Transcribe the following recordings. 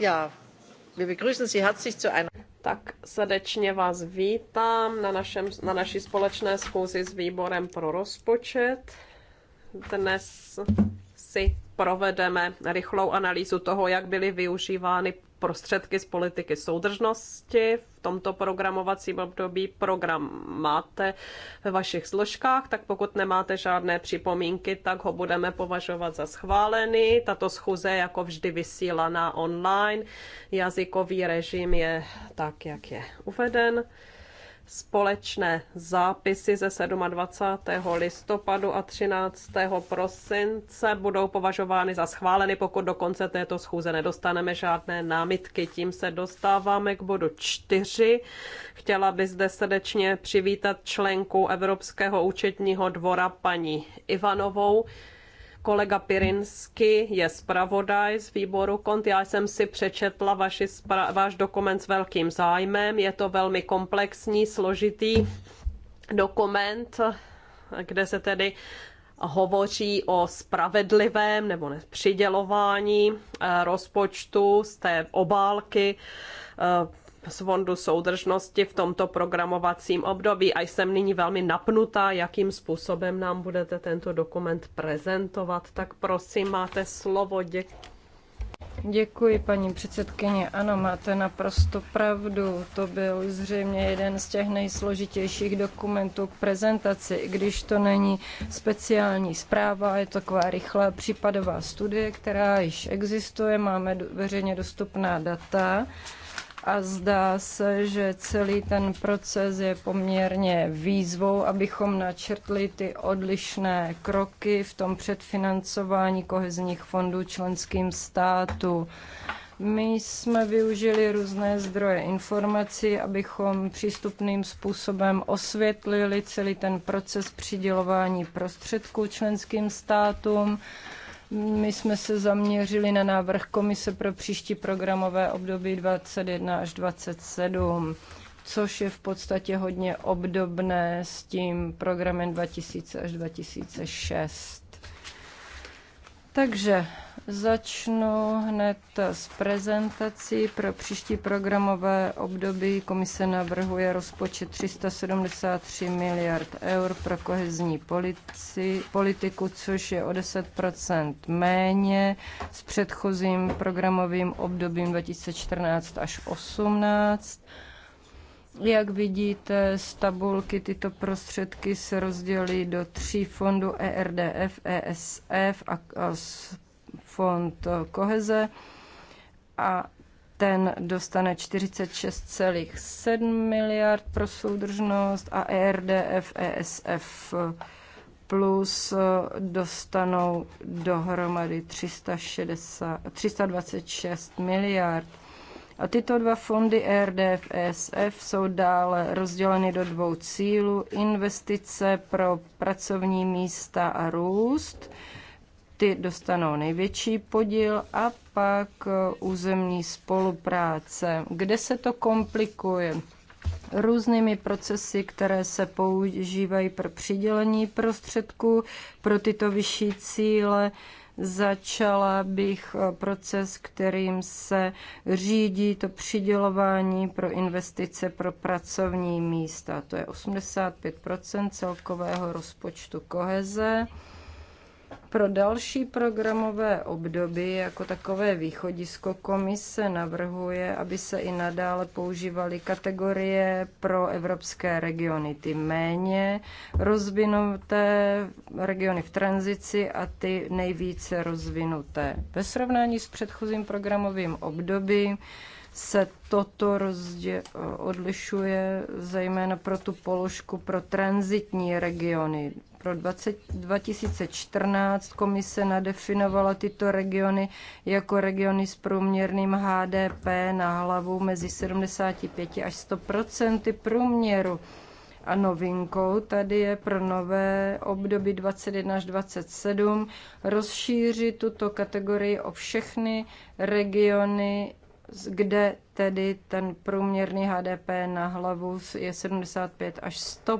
Ja, wir herzlich zu einer... Tak srdečně vás vítám na, našem, na naší společné schůzi s výborem pro rozpočet. Dnes si provedeme rychlou analýzu toho, jak byly využívány prostředky z politiky soudržnosti v tomto programovacím období. Program máte ve vašich složkách, tak pokud nemáte žádné připomínky, tak ho budeme považovat za schválený. Tato schůze je jako vždy vysílaná online. Jazykový režim je tak, jak je uveden společné zápisy ze 27. listopadu a 13. prosince budou považovány za schváleny, pokud do konce této schůze nedostaneme žádné námitky. Tím se dostáváme k bodu 4. Chtěla bych zde srdečně přivítat členku Evropského účetního dvora paní Ivanovou. Kolega Pirinsky je zpravodaj z výboru KONT. Já jsem si přečetla vaši, váš dokument s velkým zájmem. Je to velmi komplexní, složitý dokument, kde se tedy hovoří o spravedlivém nebo přidělování eh, rozpočtu z té obálky eh, z Fondu soudržnosti v tomto programovacím období a jsem nyní velmi napnutá, jakým způsobem nám budete tento dokument prezentovat. Tak prosím, máte slovo. Dě... Děkuji, paní předsedkyně. Ano, máte naprosto pravdu. To byl zřejmě jeden z těch nejsložitějších dokumentů k prezentaci, i když to není speciální zpráva, je to taková rychlá případová studie, která již existuje, máme veřejně dostupná data a zdá se, že celý ten proces je poměrně výzvou, abychom načrtli ty odlišné kroky v tom předfinancování kohezních fondů členským státu. My jsme využili různé zdroje informací, abychom přístupným způsobem osvětlili celý ten proces přidělování prostředků členským státům. My jsme se zaměřili na návrh Komise pro příští programové období 21 až 27 což je v podstatě hodně obdobné s tím programem 2000 až 2006. Takže začnu hned s prezentací. Pro příští programové období komise navrhuje rozpočet 373 miliard eur pro kohezní polici, politiku, což je o 10 méně s předchozím programovým obdobím 2014 až 2018. Jak vidíte z tabulky, tyto prostředky se rozdělí do tří fondů ERDF, ESF a, a fond koheze a ten dostane 46,7 miliard pro soudržnost a ERDF, ESF plus dostanou dohromady 360, 326 miliard. A tyto dva fondy e RDF ESF jsou dále rozděleny do dvou cílů. Investice pro pracovní místa a růst, ty dostanou největší podíl a pak e, územní spolupráce. Kde se to komplikuje? různými procesy, které se používají pro přidělení prostředků pro tyto vyšší cíle Začala bych eh, proces, kterým se řídí to přidělování pro investice pro pracovní místa. To je 85 celkového rozpočtu koheze pro další programové období jako takové východisko komise navrhuje, aby se i nadále používaly kategorie pro evropské regiony, ty méně rozvinuté regiony v tranzici a ty nejvíce rozvinuté. Ve srovnání s předchozím programovým obdobím se toto rozdě- odlišuje zejména pro tu položku pro transitní regiony. Pro 20, 2014 komise nadefinovala tyto regiony jako regiony s průměrným HDP na hlavu mezi 75 až 100 průměru. A novinkou tady je pro nové období 21 až 27 rozšířit tuto kategorii o všechny regiony, kde tedy ten průměrný HDP na hlavu je 75 až 100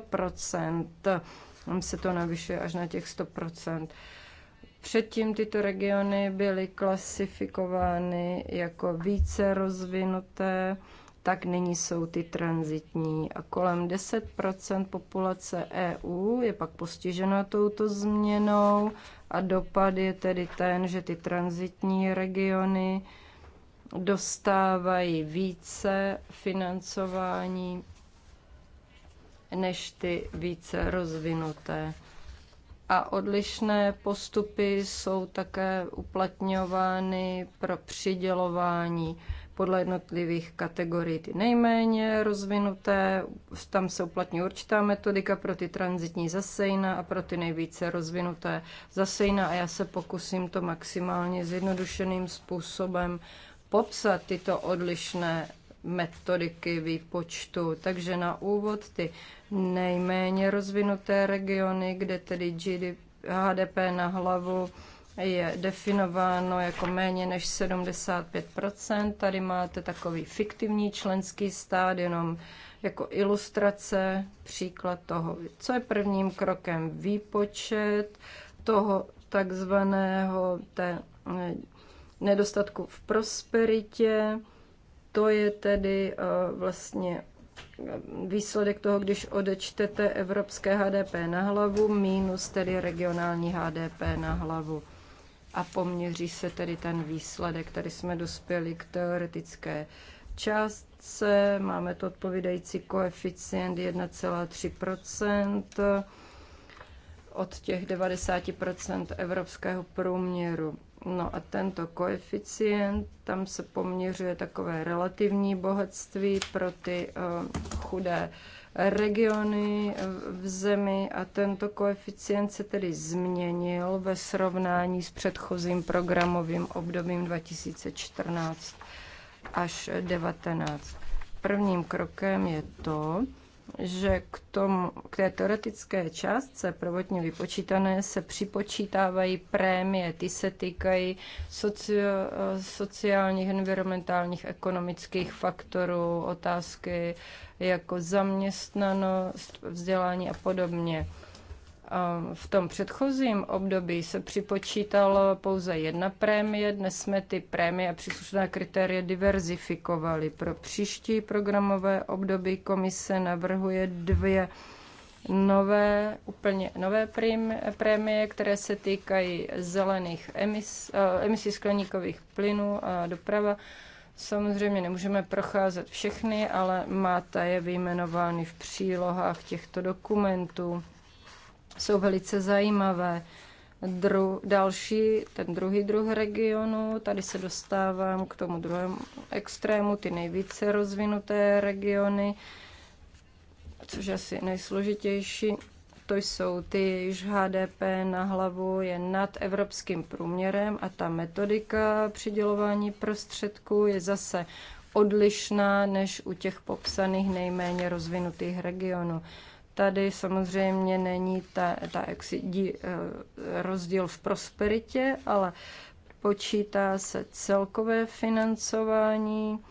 tam se to navyšuje až na těch 100%. Předtím tyto regiony byly klasifikovány jako více rozvinuté, tak nyní jsou ty transitní. A kolem 10 populace EU je pak postižena touto změnou a dopad je tedy ten, že ty transitní regiony dostávají více financování než ty více rozvinuté. A odlišné postupy jsou také uplatňovány pro přidělování podle jednotlivých kategorií. Ty nejméně rozvinuté, tam se uplatní určitá metodika pro ty transitní zasejna a pro ty nejvíce rozvinuté zasejna a já se pokusím to maximálně zjednodušeným způsobem popsat tyto odlišné metodiky výpočtu. Takže na úvod ty nejméně rozvinuté regiony, kde tedy GDP, HDP na hlavu je definováno jako méně než 75 Tady máte takový fiktivní členský stát, jenom jako ilustrace, příklad toho, co je prvním krokem výpočet toho takzvaného té eh, nedostatku v prosperitě. To je tedy eh, vlastně eh, výsledek toho, když odečtete evropské HDP na hlavu minus tedy regionální HDP na hlavu a poměří se tedy ten výsledek. Tady jsme dospěli k teoretické částce, máme to odpovídající koeficient 1,3 od těch 90 evropského průměru. No a tento koeficient, tam se poměřuje takové relativní bohatství pro ty eh, chudé regiony v zemi a tento koeficient se tedy změnil ve srovnání s předchozím programovým obdobím 2014 až 2019. Prvním krokem je to, že k, tomu, k té teoretické částce prvotně vypočítané se připočítávají prémie, ty se týkají socio, sociálních, environmentálních, ekonomických faktorů, otázky jako zaměstnanost, vzdělání a podobně. V tom předchozím období se připočítalo pouze jedna prémie, dnes jsme ty prémie a příslušná kritéria diverzifikovali. Pro příští programové období komise navrhuje dvě nové, úplně nové prémie, které se týkají zelených emis, eh, emisí skleníkových plynů a doprava. Samozřejmě nemůžeme procházet všechny, ale máte je vyjmenovány v přílohách těchto dokumentů jsou velice zajímavé. Dru, další, ten druhý druh regionu, tady se dostávám k tomu druhému extrému, ty nejvíce rozvinuté regiony, což asi nejsložitější, to jsou ty, jež HDP na hlavu je nad evropským průměrem a ta metodika přidělování prostředků je zase odlišná než u těch popsaných nejméně rozvinutých regionů. Tady samozřejmě není ta, ta exidí, eh, rozdíl v prosperitě, ale počítá se celkové financování.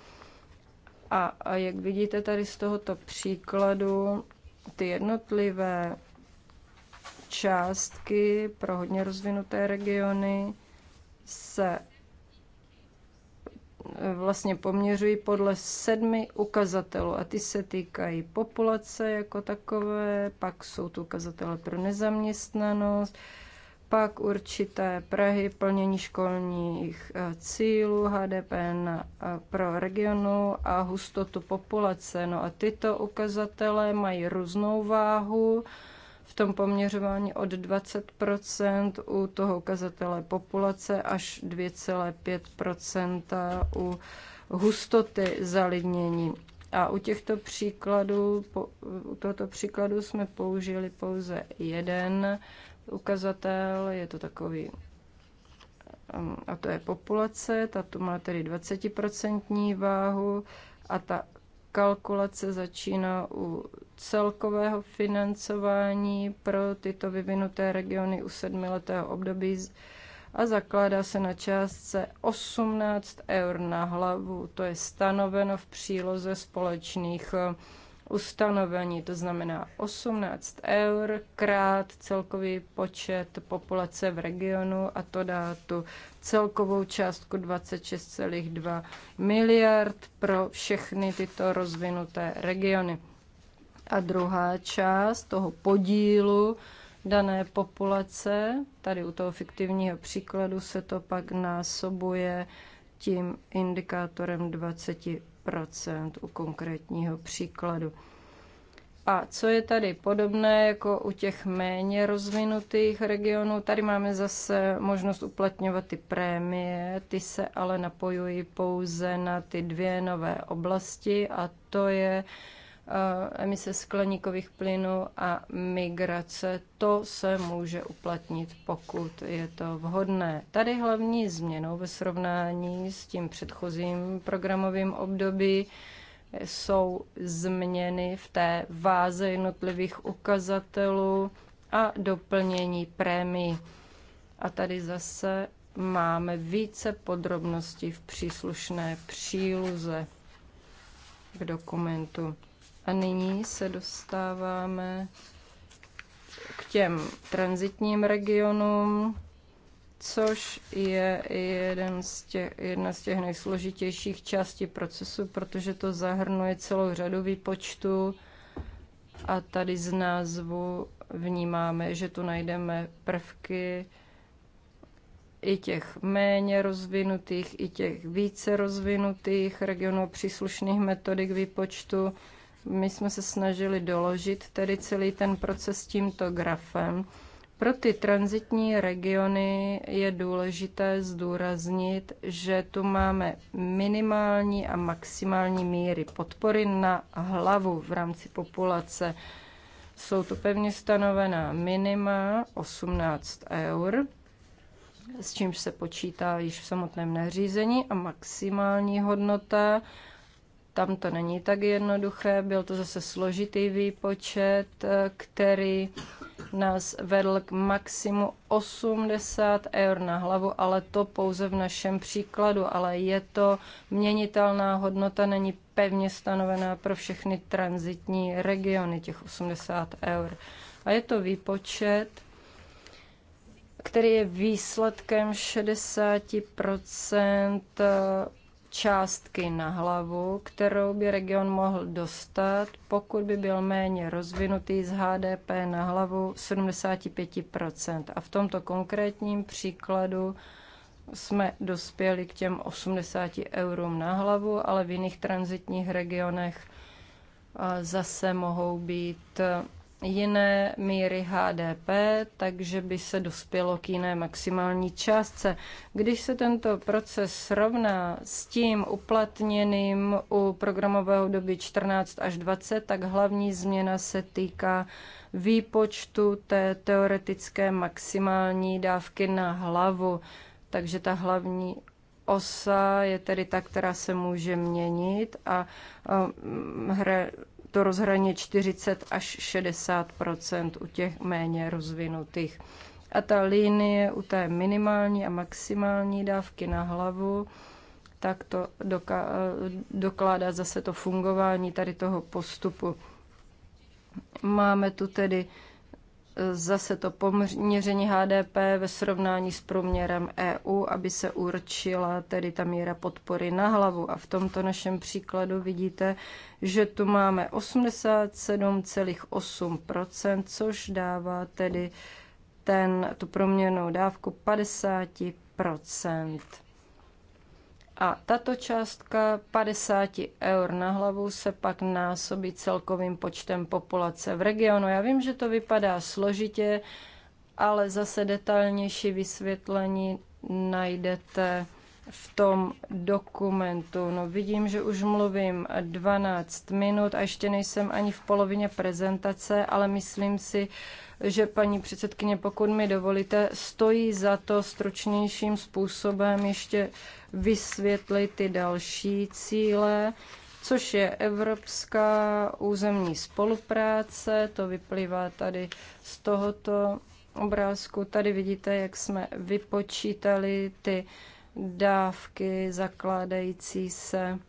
A, a jak vidíte tady z tohoto příkladu, ty jednotlivé částky pro hodně rozvinuté regiony se vlastně poměřují podle sedmi ukazatelů a ty se týkají populace jako takové, pak jsou tu ukazatele pro nezaměstnanost, pak určité Prahy, plnění školních eh, cílů, HDP na, eh, pro regionu a hustotu populace. No a tyto ukazatele mají různou váhu tom poměřování od 20 u toho ukazatele populace až 2,5 u hustoty zalidnění. A u těchto příkladů, u tohoto příkladu jsme použili pouze jeden ukazatel, je to takový um, a to je populace, ta tu má tedy 20% váhu a ta kalkulace začíná u celkového financování pro tyto vyvinuté regiony u sedmiletého období a zakládá se na částce 18 eur na hlavu. To je stanoveno v příloze společných eh, ustanovení, to znamená 18 eur krát celkový počet populace v regionu a to dá tu celkovou částku 26,2 miliard pro všechny tyto rozvinuté regiony. A druhá část toho podílu dané populace, tady u toho fiktivního příkladu se to pak násobuje tím indikátorem 20 u konkrétního příkladu. A co je tady podobné jako u těch méně rozvinutých regionů, tady máme zase možnost uplatňovat ty prémie, ty se ale napojují pouze na ty dvě nové oblasti a to je Eh, emise skleníkových plynů a migrace, to se může uplatnit, pokud je to vhodné. Tady hlavní změnou ve srovnání s tím předchozím programovým období jsou změny v té váze jednotlivých ukazatelů a doplnění prémií. A tady zase máme více podrobností v příslušné příluze k dokumentu. A nyní se dostáváme k těm transitním regionům, což je jeden z těch, jedna z těch nejsložitějších částí procesu, protože to zahrnuje celou řadu výpočtů a tady z názvu vnímáme, že tu najdeme prvky i těch méně rozvinutých, i těch více rozvinutých regionů příslušných metodik výpočtu. My jsme se snažili doložit tedy celý ten proces tímto grafem. Pro ty transitní regiony je důležité zdůraznit, že tu máme minimální a maximální míry podpory na hlavu v rámci populace. Jsou tu pevně stanovená minima 18 eur, s čímž se počítá již v samotném nařízení, a maximální hodnota tam to není tak jednoduché, byl to zase složitý výpočet, eh, který nás vedl k maximu 80 eur na hlavu, ale to pouze v našem příkladu, ale je to měnitelná hodnota, není pevně stanovená pro všechny transitní regiony těch 80 eur. A je to výpočet, který je výsledkem 60 částky na hlavu, kterou by region mohl dostat, pokud by byl méně rozvinutý z HDP na hlavu 75 A v tomto konkrétním příkladu jsme dospěli k těm 80 eurům na hlavu, ale v jiných transitních regionech zase mohou být jiné míry HDP, takže by se dospělo k jiné maximální částce. Když se tento proces srovná s tím uplatněným u programového doby 14 až 20, tak hlavní změna se týká výpočtu té teoretické maximální dávky na hlavu. Takže ta hlavní osa je tedy ta, která se může měnit a hra to rozhraní 40 až 60 u těch méně rozvinutých. A ta linie u té minimální a maximální dávky na hlavu, tak to dokládá zase to fungování tady toho postupu. Máme tu tedy zase to poměření HDP ve srovnání s průměrem EU, aby se určila tedy ta míra podpory na hlavu. A v tomto našem příkladu vidíte, že tu máme 87,8%, což dává tedy ten, tu proměnou dávku 50%. A tato částka 50 eur na hlavu se pak násobí celkovým počtem populace v regionu. Já vím, že to vypadá složitě, ale zase detailnější vysvětlení najdete v tom dokumentu. No vidím, že už mluvím 12 minut a ještě nejsem ani v polovině prezentace, ale myslím si, že paní předsedkyně, pokud mi dovolíte, stojí za to stručnějším způsobem ještě vysvětlit ty další cíle, což je evropská územní spolupráce, to vyplývá tady z tohoto obrázku. Tady vidíte, jak jsme vypočítali ty uh, dávky zakládající se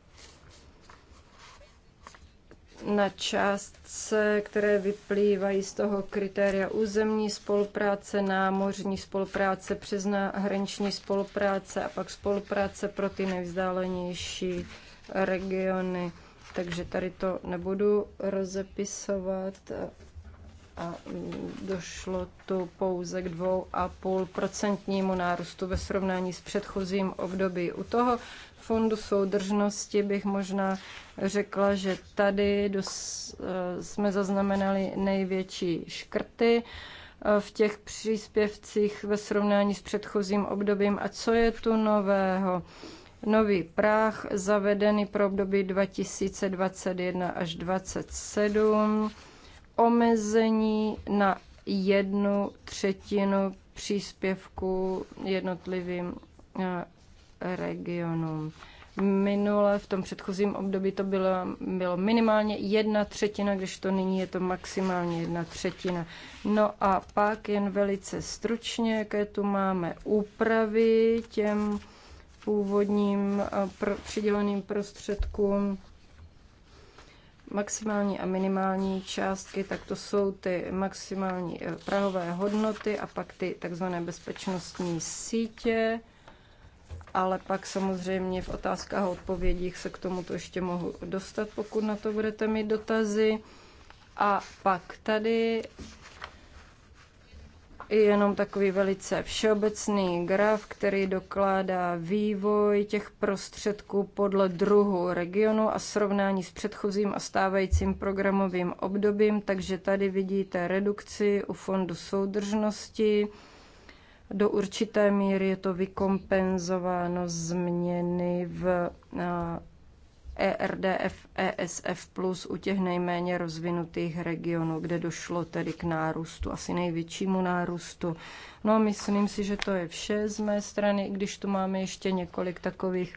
na částce, které vyplývají z toho kritéria územní spolupráce, námořní spolupráce, přeshraniční spolupráce a pak spolupráce pro ty nejvzdálenější regiony. Takže tady to nebudu rozepisovat. A mm, došlo tu pouze k 2,5% nárůstu ve srovnání s předchozím období. U toho fondu soudržnosti bych možná řekla, že tady e, jsme zaznamenali největší škrty e, v těch příspěvcích ve srovnání s předchozím obdobím. A co je tu nového? Nový práh zavedený pro období 2021 až 2027 omezení na jednu třetinu příspěvku jednotlivým eh, regionům. Minule v tom předchozím období to bylo, bylo minimálně jedna třetina, když to nyní je to maximálně jedna třetina. No a pak jen velice stručně, jaké tu máme úpravy těm původním eh, přiděleným prostředkům maximální a minimální částky, tak to jsou ty maximální eh, prahové hodnoty a pak ty takzvané bezpečnostní sítě. Ale pak samozřejmě v otázkách a odpovědích se k tomu to ještě mohu dostat, pokud na to budete mít dotazy. A pak tady jenom takový velice všeobecný graf, který dokládá vývoj těch prostředků podle druhu regionu a srovnání s předchozím a stávajícím programovým obdobím. Takže tady vidíte redukci u fondu soudržnosti. Do určité míry je to vykompenzováno změny v ERDF, ESF plus u těch nejméně rozvinutých regionů, kde došlo tedy k nárůstu, asi největšímu nárůstu. No a myslím si, že to je vše z mé strany, i když tu máme ještě několik takových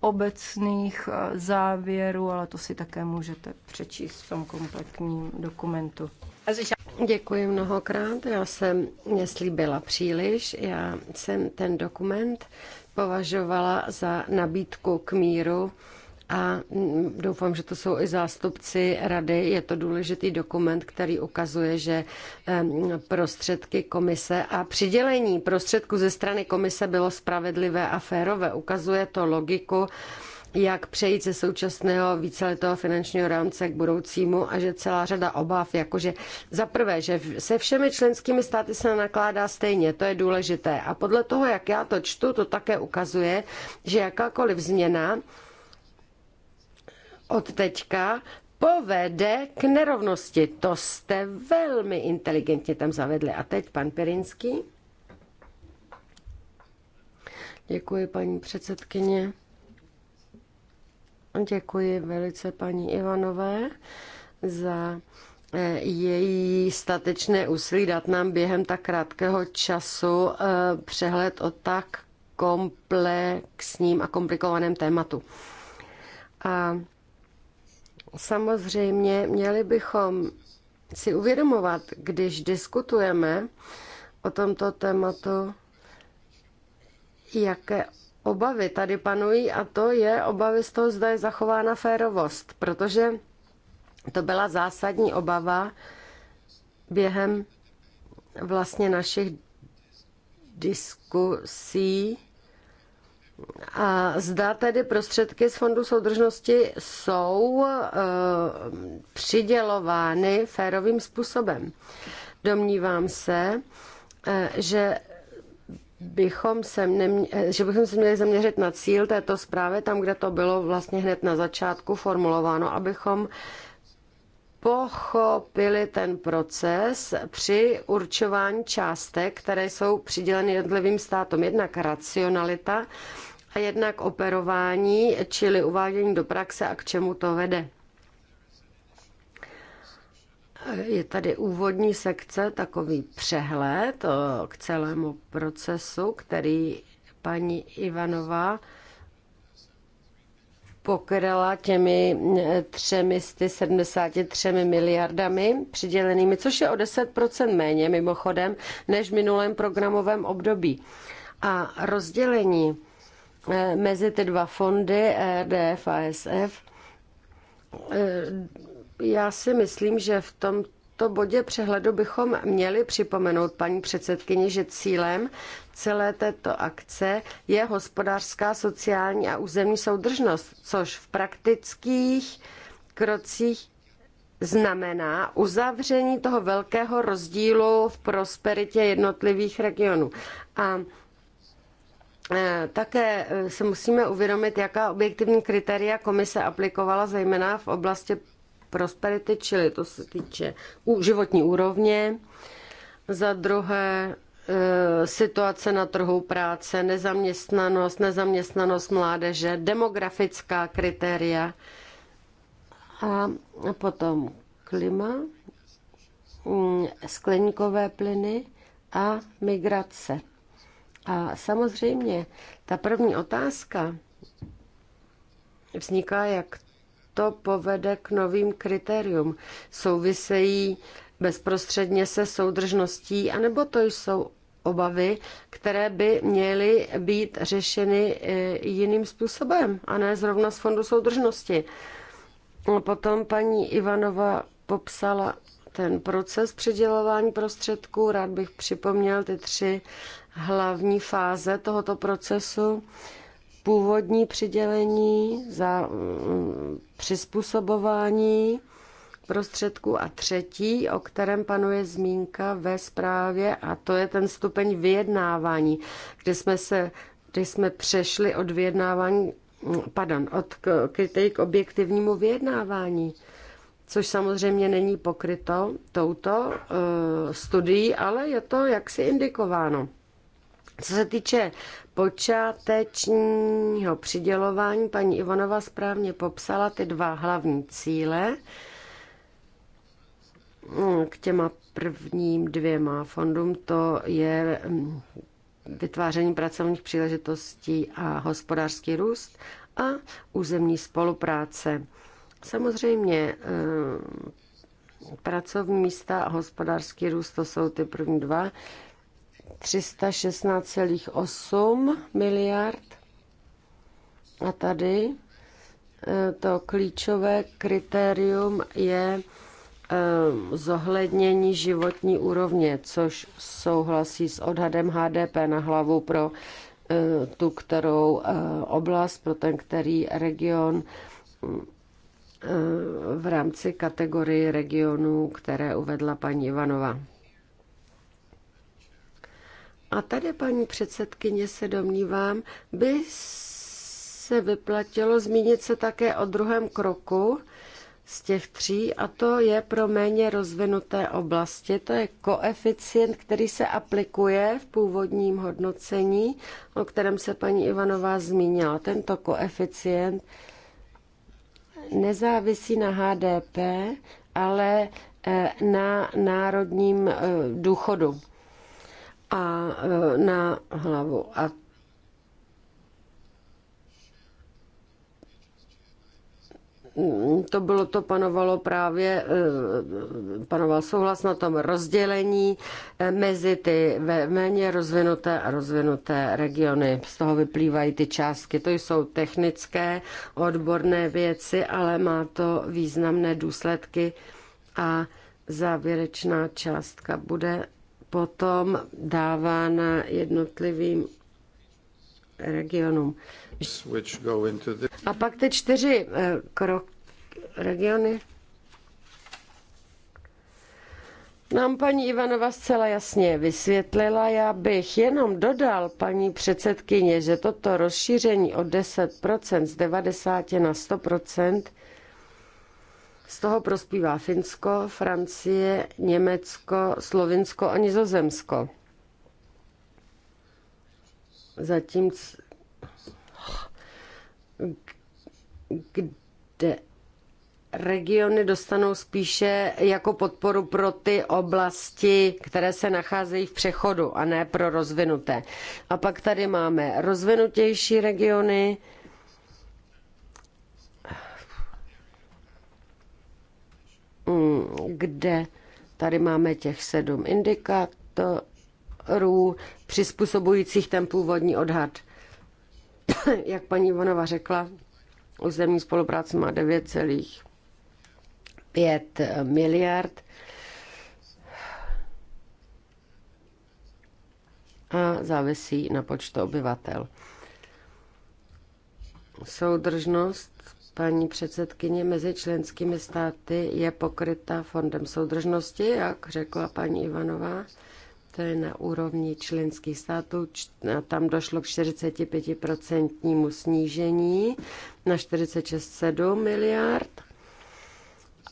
obecných e, závěrů, ale to si také můžete přečíst v tom kompletním dokumentu. Děkuji mnohokrát. Já jsem neslíbila příliš. Já jsem ten dokument považovala za nabídku k míru a mm, doufám, že to jsou i zástupci rady. Je to důležitý dokument, který ukazuje, že prostředky komise a přidělení prostředků ze strany komise bylo spravedlivé a férové. Ukazuje to logiku, jak přejít ze současného víceletého finančního rámce k budoucímu a že celá řada obav, jakože za prvé, že se všemi členskými státy se nakládá stejně, to je důležité. A podle toho, jak já to čtu, to také ukazuje, že jakákoliv změna od teďka povede k nerovnosti. To jste velmi inteligentně tam zavedli. A teď pan Pirinský. Děkuji, paní předsedkyně. Děkuji velice paní Ivanové za eh, její statečné úsilí dát nám během tak krátkého času eh, přehled o tak komplexním a komplikovaném tématu. A Samozřejmě měli bychom si uvědomovat, když diskutujeme o tomto tématu, jaké obavy tady panují a to je obavy z toho, zda je zachována férovost, protože to byla zásadní obava během vlastně našich diskusí a zda tedy prostředky z Fondu soudržnosti jsou e, přidělovány férovým způsobem. Domnívám se, e, že bychom se, nemě, eh, že bychom se měli zaměřit na cíl této zprávy, tam, kde to bylo vlastně hned na začátku formulováno, abychom pochopili ten proces při určování částek, které jsou přiděleny jednotlivým státům. Jednak racionalita a jednak operování, čili uvádění do praxe a k čemu to vede. Je tady úvodní sekce, takový přehled k celému procesu, který paní Ivanová pokryla těmi 373 eh, miliardami přidělenými, což je o 10% méně mimochodem než v minulém programovém období. A rozdělení eh, mezi ty dva fondy, RDF e a SF, eh, já si myslím, že v tomto tomto bodě přehledu bychom měli připomenout paní předsedkyni, že cílem celé této akce je hospodářská, sociální a územní soudržnost, což v praktických krocích znamená uzavření toho velkého rozdílu v prosperitě jednotlivých regionů. A e, také e, se musíme uvědomit, jaká objektivní kritéria komise aplikovala, zejména v oblasti prosperity, čili to se týče životní úrovně. Za druhé e, situace na trhu práce, nezaměstnanost, nezaměstnanost mládeže, demografická kritéria a potom klima, mm, skleníkové plyny a migrace. A samozřejmě ta první otázka vzniká, jak to povede k novým kritériům. Souvisejí bezprostředně se soudržností, anebo to jsou obavy, které by měly být řešeny e, jiným způsobem a ne zrovna z Fondu soudržnosti. A potom paní Ivanova popsala ten proces přidělování prostředků. Rád bych připomněl ty tři hlavní fáze tohoto procesu původní přidělení, za mm, přizpůsobování prostředků a třetí, o kterém panuje zmínka ve zprávě a to je ten stupeň vyjednávání, kde jsme se kde jsme přešli od vyjednávání, mm, pardon, od k, k objektivnímu vyjednávání, což samozřejmě není pokryto touto uh, studií, ale je to jaksi indikováno. Co se týče počátečního přidělování, paní Ivanova správně popsala ty dva hlavní cíle k těma prvním dvěma fondům. To je mm, vytváření pracovních příležitostí a hospodářský růst a územní spolupráce. Samozřejmě mm, pracovní místa a hospodářský růst, to jsou ty první dva. 316,8 miliard. A tady eh, to klíčové kritérium je eh, zohlednění životní úrovně, což souhlasí s odhadem HDP na hlavu pro eh, tu kterou oblast, pro ten který region v rámci kategorii regionů, které uvedla paní Ivanova. A tady, paní předsedkyně, se domnívám, by se vyplatilo zmínit se také o druhém kroku z těch tří, a to je pro méně rozvinuté oblasti. To je koeficient, který se aplikuje v původním hodnocení, o kterém se paní Ivanová zmínila. Tento koeficient nezávisí na HDP, ale eh, na národním eh, důchodu a e, na hlavu. A to bylo, to panovalo právě, e, panoval souhlas na tom rozdělení e, mezi ty méně rozvinuté a rozvinuté regiony. Z toho vyplývají ty částky. To jsou technické, odborné věci, ale má to významné důsledky a závěrečná částka bude potom na jednotlivým regionům. A pak ty čtyři eh, krok, regiony nám paní Ivanova zcela jasně vysvětlila. Já bych jenom dodal, paní předsedkyně, že toto rozšíření o 10% z 90 na 100% z toho prospívá Finsko, Francie, Německo, Slovinsko a Nizozemsko. Zatím, kde regiony dostanou spíše jako podporu pro ty oblasti, které se nacházejí v přechodu a ne pro rozvinuté. A pak tady máme rozvinutější regiony, Mm, kde tady máme těch sedm indikátorů přizpůsobujících ten původní odhad. Jak paní Ivanova řekla, územní spolupráce má 9,5 miliard. a závisí na počtu obyvatel. Soudržnost paní předsedkyně, mezi členskými státy je pokryta fondem soudržnosti, jak řekla paní Ivanová. To je na úrovni členských států. Tam došlo k 45% snížení na 46,7 miliard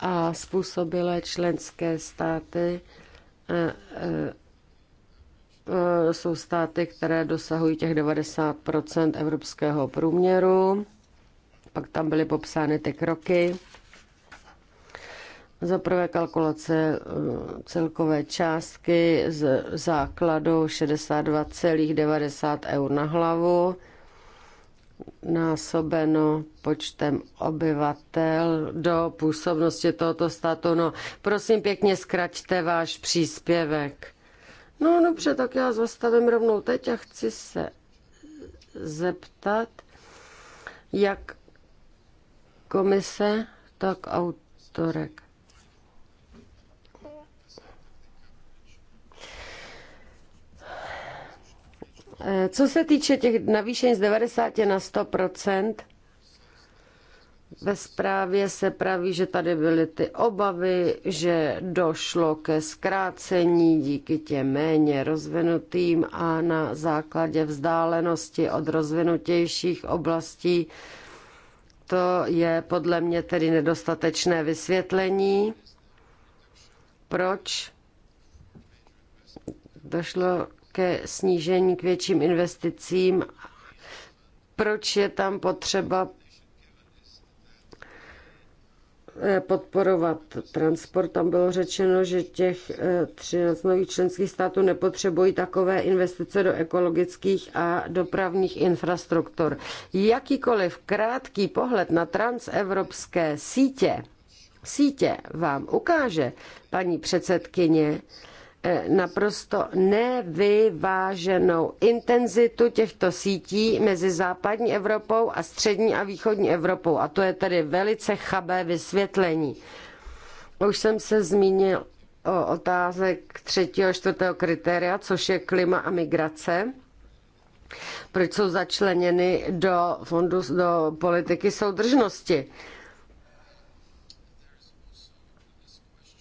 a způsobilé členské státy e, e, e, jsou státy, které dosahují těch 90 evropského průměru pak tam byly popsány ty kroky. Za prvé kalkulace eh, celkové částky z základu 62,90 eur na hlavu násobeno počtem obyvatel do působnosti tohoto státu. No, prosím pěkně, zkraťte váš příspěvek. No dobře, tak já zastavím rovnou teď a chci se zeptat, jak komise, tak autorek. Co se týče těch navýšení z 90 na 100 ve zprávě se praví, že tady byly ty obavy, že došlo ke zkrácení díky těm méně rozvinutým a na základě vzdálenosti od rozvinutějších oblastí to je podle mě tedy nedostatečné vysvětlení, proč došlo ke snížení k větším investicím, proč je tam potřeba Eh, podporovat transport. Tam bylo řečeno, že těch 13 eh, nových členských států nepotřebují takové investice do ekologických a dopravních infrastruktur. Jakýkoliv krátký pohled na transevropské sítě, sítě vám ukáže, paní předsedkyně, E, naprosto nevyváženou intenzitu těchto sítí mezi západní Evropou a střední a východní Evropou. A to je tedy velice chabé vysvětlení. Už jsem se zmínil o otázek třetího a čtvrtého kritéria, což je klima a migrace. Proč jsou začleněny do fondu do politiky soudržnosti?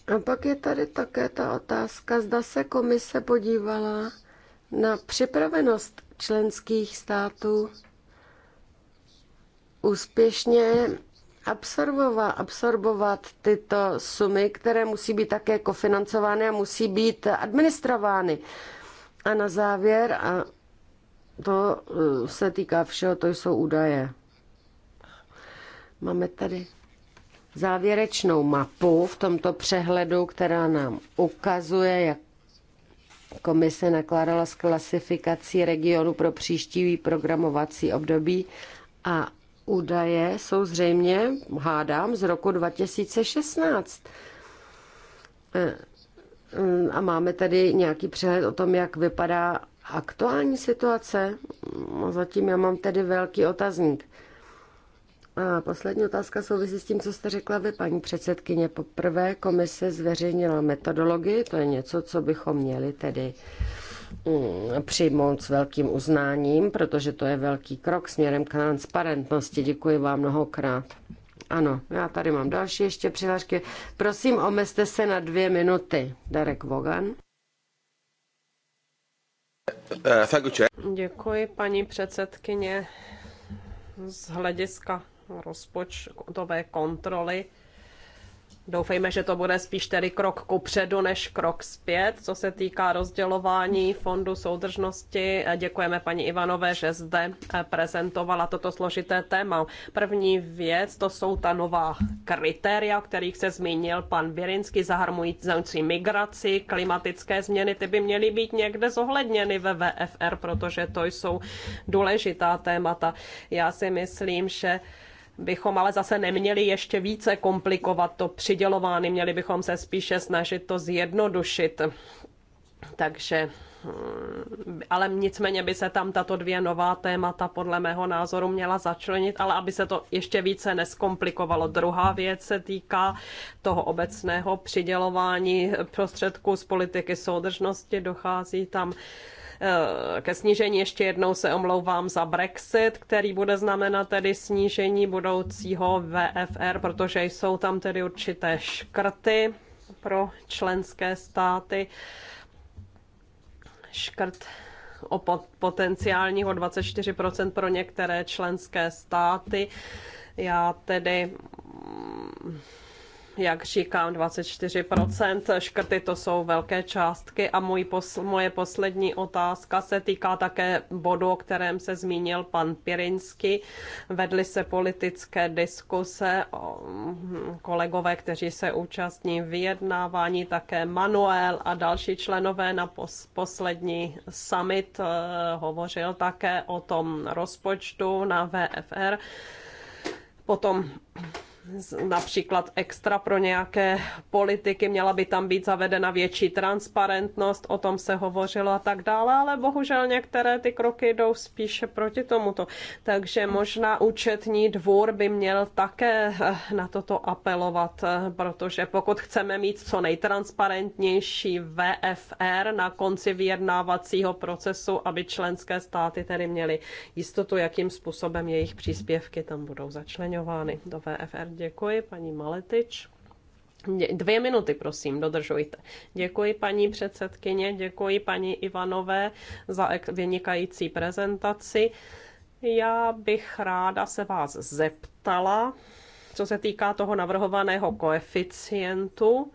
A pak je tady také ta otázka, zda se komise podívala na připravenost členských států úspěšně absorbovat, absorbovat tyto sumy, které musí být také kofinancovány a musí být administrovány. A na závěr, a to e, se týká všeho, to jsou údaje. Máme tady závěrečnou mapu v tomto přehledu, která nám ukazuje, jak komise nakládala s klasifikací regionu pro příští programovací období a údaje jsou zřejmě, hádám, z roku 2016. E, mm, a máme tady nějaký přehled o tom, jak vypadá aktuální situace. No, zatím já mám tedy velký otazník. A poslední otázka souvisí s tím, co jste řekla vy, paní předsedkyně. Poprvé komise zveřejnila metodologii, to je něco, co bychom měli tedy mm, přijmout s velkým uznáním, protože to je velký krok směrem k transparentnosti. Děkuji vám mnohokrát. Ano, já tady mám další ještě přihlášky. Prosím, omezte se na dvě minuty. Darek Vogan. Eh, eh, Děkuji, paní předsedkyně. Z hlediska rozpočtové kontroly. Doufejme, že to bude spíš tedy krok ku předu než krok zpět, co se týká rozdělování fondu soudržnosti. Děkujeme paní Ivanové, že zde eh, prezentovala toto složité téma. První věc, to jsou ta nová kritéria, o kterých se zmínil pan Běrinsky, zahrmující migraci, klimatické změny, ty by měly být někde zohledněny ve VFR, protože to jsou důležitá témata. Já si myslím, že bychom ale zase neměli ještě více komplikovat to přidělování, měli bychom se spíše snažit to zjednodušit. Takže, hm, ale nicméně by se tam tato dvě nová témata podle mého názoru měla začlenit, ale aby se to ještě více neskomplikovalo. Druhá věc se týká toho obecného přidělování prostředků z politiky soudržnosti. Dochází tam Eh, ke snížení. Ještě jednou se omlouvám za Brexit, který bude znamenat tedy snížení budoucího VFR, protože jsou tam tedy určité škrty pro členské státy. Škrt o potenciálního 24% pro některé členské státy. Já tedy mm, jak říkám, 24%. Škrty to jsou velké částky a můj posl- moje poslední otázka se týká také bodu, o kterém se zmínil pan Pirinsky. Vedly se politické diskuse, kolegové, kteří se účastní vyjednávání, také Manuel a další členové na pos- poslední summit eh, hovořil také o tom rozpočtu na VFR. Potom například extra pro nějaké politiky, měla by tam být zavedena větší transparentnost, o tom se hovořilo a tak dále, ale bohužel některé ty kroky jdou spíše proti tomuto. Takže možná účetní dvůr by měl také eh, na toto apelovat, eh, protože pokud chceme mít co nejtransparentnější VFR na konci vyjednávacího procesu, aby členské státy tedy měly jistotu, jakým způsobem jejich příspěvky tam budou začleňovány do VFR. Děkuji, paní Maletič. Dvě minuty, prosím, dodržujte. Děkuji paní předsedkyně, děkuji paní Ivanové za vynikající prezentaci. Já bych ráda se vás zeptala, co se týká toho navrhovaného koeficientu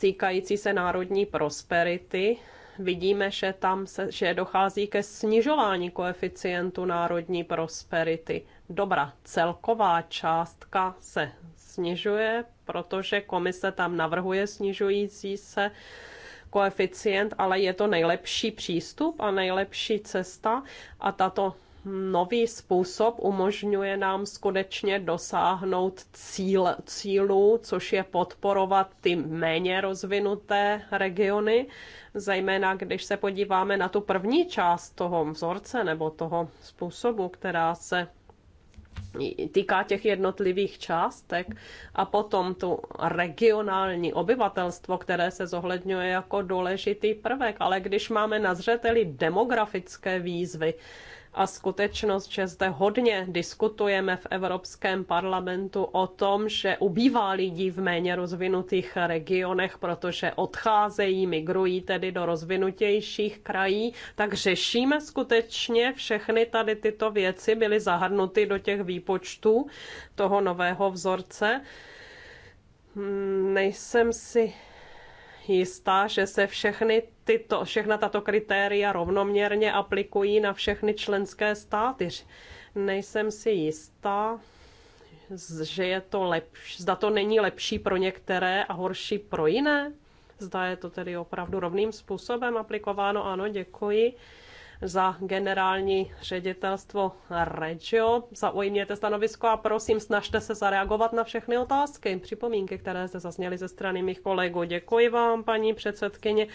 týkající se národní prosperity vidíme, že tam se, že dochází ke snižování koeficientu národní prosperity. Dobrá, celková částka se snižuje, protože komise tam navrhuje snižující se koeficient, ale je to nejlepší přístup a nejlepší cesta a tato nový způsob umožňuje nám skutečně dosáhnout cíl, cílu, což je podporovat ty méně rozvinuté regiony, zejména když se podíváme na tu první část toho vzorce nebo toho způsobu, která se týká těch jednotlivých částek a potom tu regionální obyvatelstvo, které se zohledňuje jako důležitý prvek. Ale když máme na zřeteli demografické výzvy, a skutečnost, že zde hodně diskutujeme v Evropském parlamentu o tom, že ubývá lidí v méně rozvinutých regionech, protože odcházejí, migrují tedy do rozvinutějších krají, tak řešíme skutečně všechny tady tyto věci, byly zahrnuty do těch výpočtů toho nového vzorce. Hmm, nejsem si jistá, že se všechny tyto, všechna tato kritéria rovnoměrně aplikují na všechny členské státy. Nejsem si jistá, že je to lepší, zda to není lepší pro některé a horší pro jiné. Zda je to tedy opravdu rovným způsobem aplikováno, ano, děkuji za generální ředitelstvo Regio. Zaujměte stanovisko a prosím, snažte se zareagovat na všechny otázky, připomínky, které zde zazněly ze strany mých kolegů. Děkuji vám, paní předsedkyně.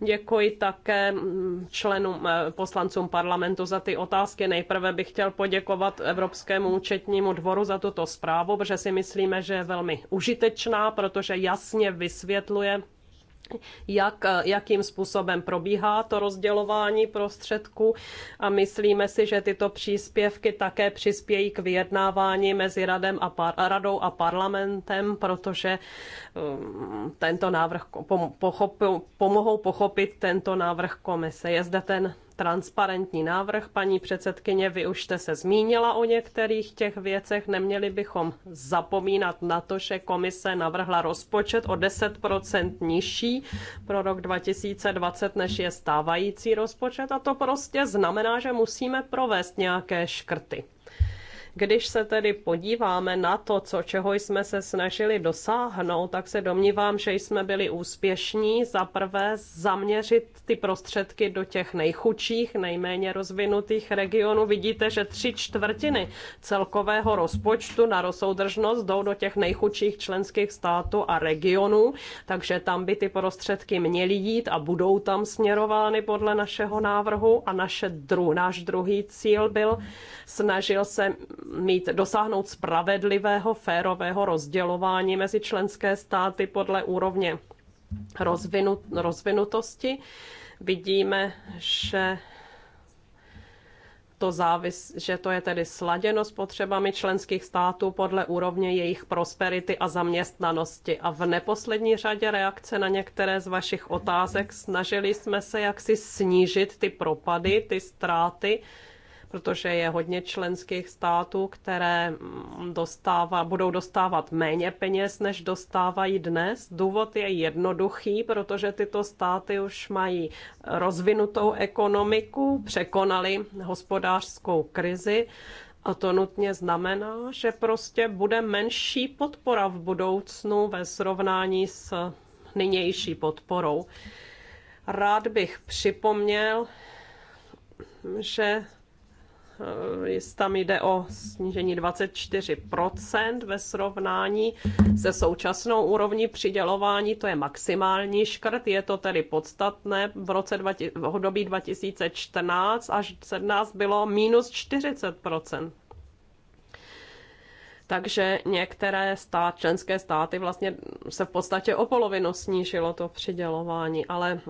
Děkuji také mm, členům, eh, poslancům parlamentu za ty otázky. Nejprve bych chtěl poděkovat Evropskému účetnímu dvoru za tuto zprávu, protože si myslíme, že je velmi užitečná, protože jasně vysvětluje jak, eh, jakým způsobem probíhá to rozdělování prostředků a myslíme si, že tyto příspěvky také přispějí k vyjednávání mezi radem a par, radou a parlamentem, protože um, tento návrh pom, pochop, pomohou pochopit tento návrh komise. Je zde ten transparentní návrh. Paní předsedkyně, vy už jste se zmínila o některých těch věcech. Neměli bychom zapomínat na to, že komise navrhla rozpočet o 10% nižší pro rok 2020, než je stávající rozpočet. A to prostě znamená, že musíme provést nějaké škrty. Když se tedy podíváme na to, co, čeho jsme se snažili dosáhnout, tak se domnívám, že jsme byli úspěšní za prvé zaměřit ty prostředky do těch nejchudších, nejméně rozvinutých regionů. Vidíte, že tři čtvrtiny celkového rozpočtu na rozsoudržnost jdou do těch nejchudších členských států a regionů, takže tam by ty prostředky měly jít a budou tam směrovány podle našeho návrhu. A naše dru, náš druhý cíl byl, snažil se mít, dosáhnout spravedlivého, férového rozdělování mezi členské státy podle úrovně rozvinut, rozvinutosti. Vidíme, že to závis, že to je tedy sladěno s potřebami členských států podle úrovně jejich prosperity a zaměstnanosti. A v neposlední řadě reakce na některé z vašich otázek snažili jsme se jaksi snížit ty propady, ty ztráty, protože je hodně členských států, které mm, dostává, budou dostávat méně peněz, než dostávají dnes. Důvod je jednoduchý, protože tyto státy už mají rozvinutou ekonomiku, překonali hospodářskou krizi. A to nutně znamená, že prostě bude menší podpora v budoucnu ve srovnání s nynější podporou. Rád bych připomněl, že Eh, tam jde o snížení 24% ve srovnání se současnou úrovní přidělování, to je maximální škrt, je to tedy podstatné. V roce 20, v období 2014 až 2017 bylo minus 40%. Takže některé stát, členské státy vlastně se v podstatě o polovinu snížilo to přidělování, ale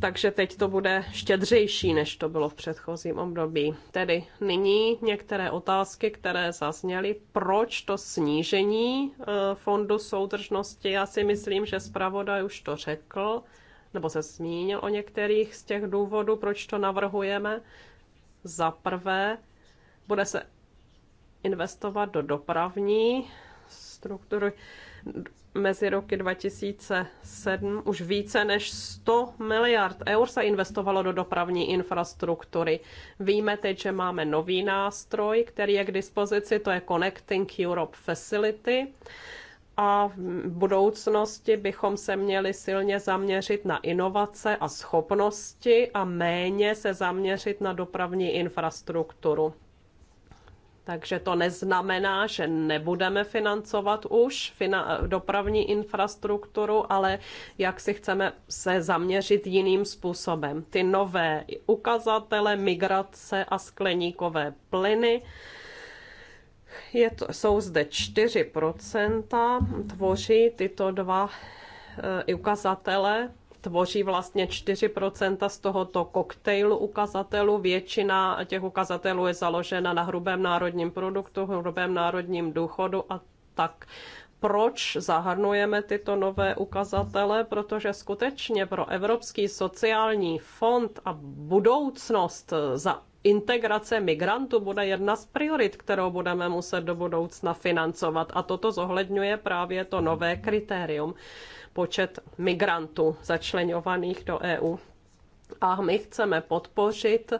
takže teď to bude štědřejší, než to bylo v předchozím období. Tedy nyní některé otázky, které zazněly. Proč to snížení eh, fondu soudržnosti? Já si myslím, že zpravodaj už to řekl, nebo se zmínil o některých z těch důvodů, proč to navrhujeme. Za prvé, bude se investovat do dopravní struktury mezi roky 2007 už více než 100 miliard eur se investovalo do dopravní infrastruktury. Víme teď, že máme nový nástroj, který je k dispozici, to je Connecting Europe Facility. A v budoucnosti bychom se měli silně zaměřit na inovace a schopnosti a méně se zaměřit na dopravní infrastrukturu. Takže to neznamená, že nebudeme financovat už dopravní infrastrukturu, ale jak si chceme se zaměřit jiným způsobem. Ty nové ukazatele migrace a skleníkové plyny. Je to, jsou zde 4%, tvoří tyto dva e, ukazatele tvoří vlastně 4% z tohoto koktejlu ukazatelů. Většina těch ukazatelů je založena na hrubém národním produktu, hrubém národním důchodu a tak proč zahrnujeme tyto nové ukazatele, protože skutečně pro Evropský sociální fond a budoucnost za integrace migrantů bude jedna z priorit, kterou budeme muset do budoucna financovat a toto zohledňuje právě to nové kritérium počet migrantů začlenovaných do EU. A my chceme podpořit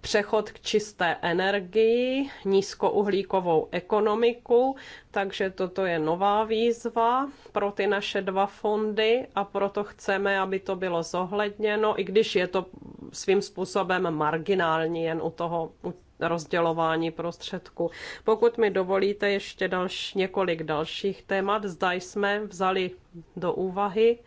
přechod k čisté energii, nízkouhlíkovou ekonomiku, takže toto je nová výzva pro ty naše dva fondy a proto chceme, aby to bylo zohledněno, i když je to svým způsobem marginální jen u, toho, u rozdělování prostředků. Pokud mi dovolíte ještě další, několik dalších témat, zda jsme vzali do úvahy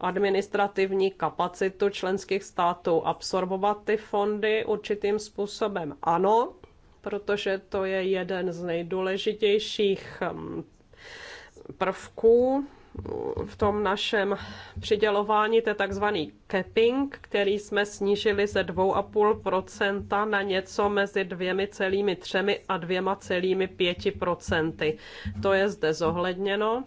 administrativní kapacitu členských států absorbovat ty fondy určitým způsobem. Ano, protože to je jeden z nejdůležitějších mm, prvků v tom našem přidělování, to je takzvaný capping, který jsme snížili ze 2,5% na něco mezi 2,3 a 2,5%. To je zde zohledněno.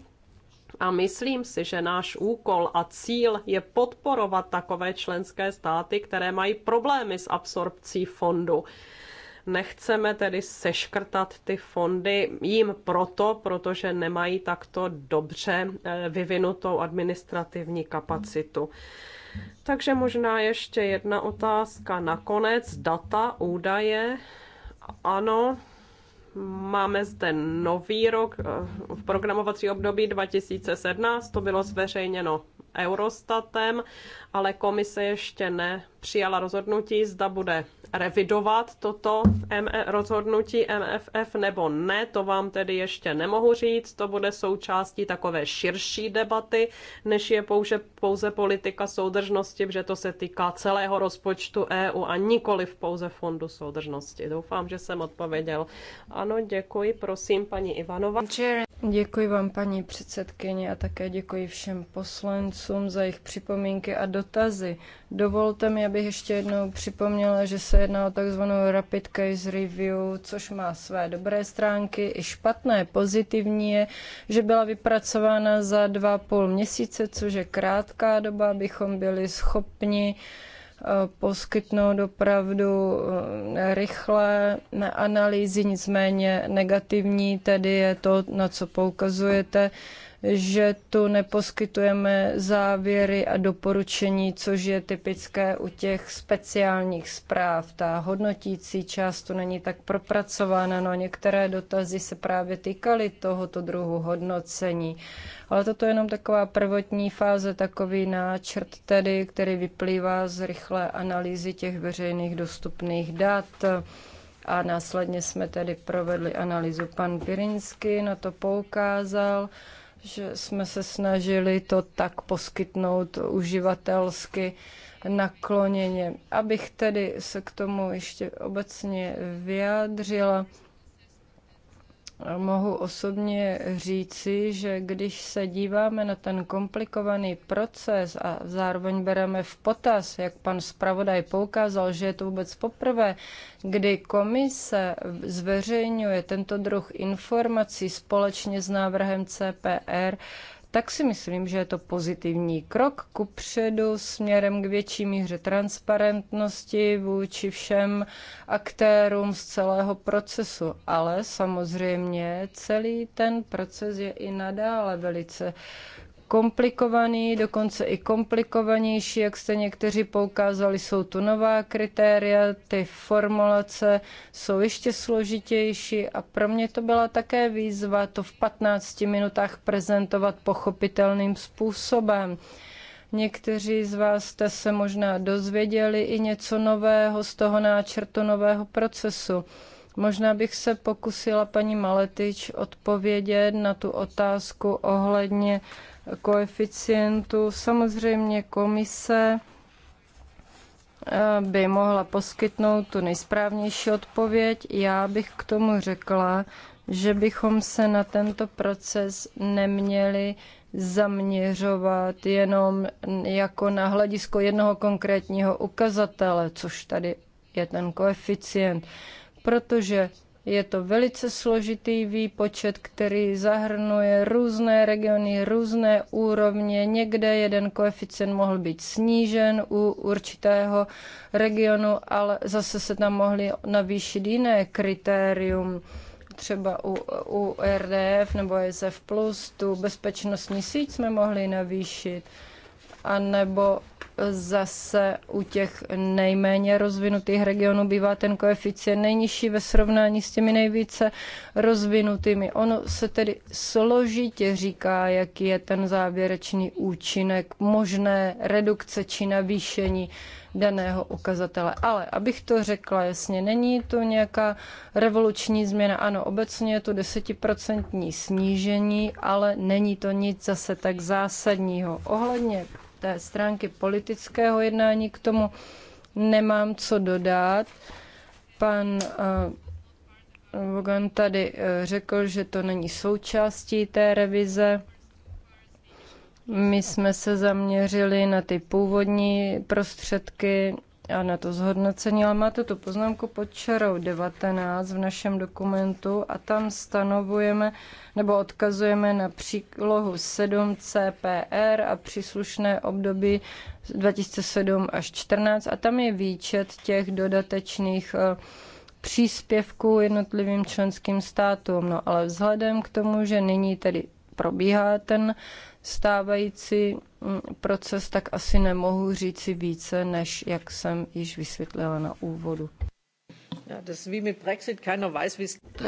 A myslím si, že náš úkol a cíl je podporovat takové členské státy, které mají problémy s absorpcí fondu Nechceme tedy seškrtat ty fondy jim proto, protože nemají takto dobře eh, vyvinutou administrativní kapacitu. Takže možná ještě jedna otázka nakonec. Data, údaje. Ano, máme zde nový rok eh, v programovací období 2017, to bylo zveřejněno Eurostatem, ale komise ještě nepřijala rozhodnutí, zda bude revidovat toto e rozhodnutí MFF nebo ne, to vám tedy ještě nemohu říct, to bude součástí takové širší debaty, než je pouze, pouze politika soudržnosti, protože to se týká celého rozpočtu EU a nikoli v pouze fondu soudržnosti. Doufám, že jsem odpověděl. Ano, děkuji, prosím, paní Ivanova. Děkuji vám, paní předsedkyně, a také děkuji všem poslancům za jejich připomínky a dotazy. Dovolte mi, abych ještě jednou připomněla, že se jedná o takzvanou rapid case review, což má své dobré stránky i špatné. Pozitivní je, že byla vypracována za dva půl měsíce, což je krátká doba, abychom byli schopni uh, Eh, poskytnout opravdu na eh, analýzy, nicméně negativní tedy je to, na co poukazujete, že tu neposkytujeme závěry a doporučení, což je typické u těch speciálních zpráv. Ta hodnotící část tu není tak propracována, no některé dotazy se právě týkaly tohoto druhu hodnocení. Ale toto je jenom taková prvotní fáze, takový náčrt tedy, který vyplývá z rychlé analýzy těch veřejných dostupných dat a následně jsme tedy provedli analýzu. Pan Pirinsky na to poukázal že jsme se snažili to tak poskytnout uživatelsky nakloněně. Abych tedy se k tomu ještě obecně vyjádřila, mohu osobně říci, že když se díváme na ten komplikovaný proces a zároveň bereme v potaz, jak pan zpravodaj poukázal, že je to vůbec poprvé, kdy komise zveřejňuje tento druh informací společně s návrhem CPR, tak si myslím, že je to pozitivní krok ku předu směrem k větší míře transparentnosti vůči všem aktérům z celého procesu. Ale samozřejmě celý ten proces je i nadále velice komplikovaný, dokonce i komplikovanější, jak jste někteří poukázali, jsou tu nová kritéria, ty formulace jsou ještě složitější a pro mě to byla také výzva to v 15 minutách prezentovat pochopitelným způsobem. Někteří z vás jste se možná dozvěděli i něco nového z toho náčrtu nového procesu. Možná bych se pokusila paní Maletič odpovědět na tu otázku ohledně koeficientu. Samozřejmě komise eh, by mohla poskytnout tu nejsprávnější odpověď. Já bych k tomu řekla, že bychom se na tento proces neměli zaměřovat jenom jako na hledisko jednoho konkrétního ukazatele, což tady je ten koeficient, protože je to velice složitý výpočet, který zahrnuje různé regiony, různé úrovně. Někde jeden koeficient mohl být snížen u určitého regionu, ale zase se tam mohly navýšit jiné kritérium třeba u, u RDF nebo SF+, tu bezpečnostní síť jsme mohli navýšit, anebo Zase u těch nejméně rozvinutých regionů bývá ten koeficient nejnižší ve srovnání s těmi nejvíce rozvinutými. Ono se tedy složitě říká, jaký je ten závěrečný účinek možné redukce či navýšení daného ukazatele. Ale abych to řekla jasně, není to nějaká revoluční změna. Ano, obecně je to desetiprocentní snížení, ale není to nic zase tak zásadního. Ohledně té stránky politického jednání k tomu nemám co dodat. Pan eh, Vogan tady eh, řekl, že to není součástí té revize. My jsme se zaměřili na ty původní prostředky, a na to zhodnocení, ale máte tu poznámku pod čarou 19 v našem dokumentu a tam stanovujeme nebo odkazujeme na přílohu 7 CPR a příslušné období 2007 až 14 a tam je výčet těch dodatečných eh, příspěvků jednotlivým členským státům. No ale vzhledem k tomu, že nyní tedy probíhá ten stávající mm, proces, tak asi nemohu říci více, než jak jsem již vysvětlila na úvodu. To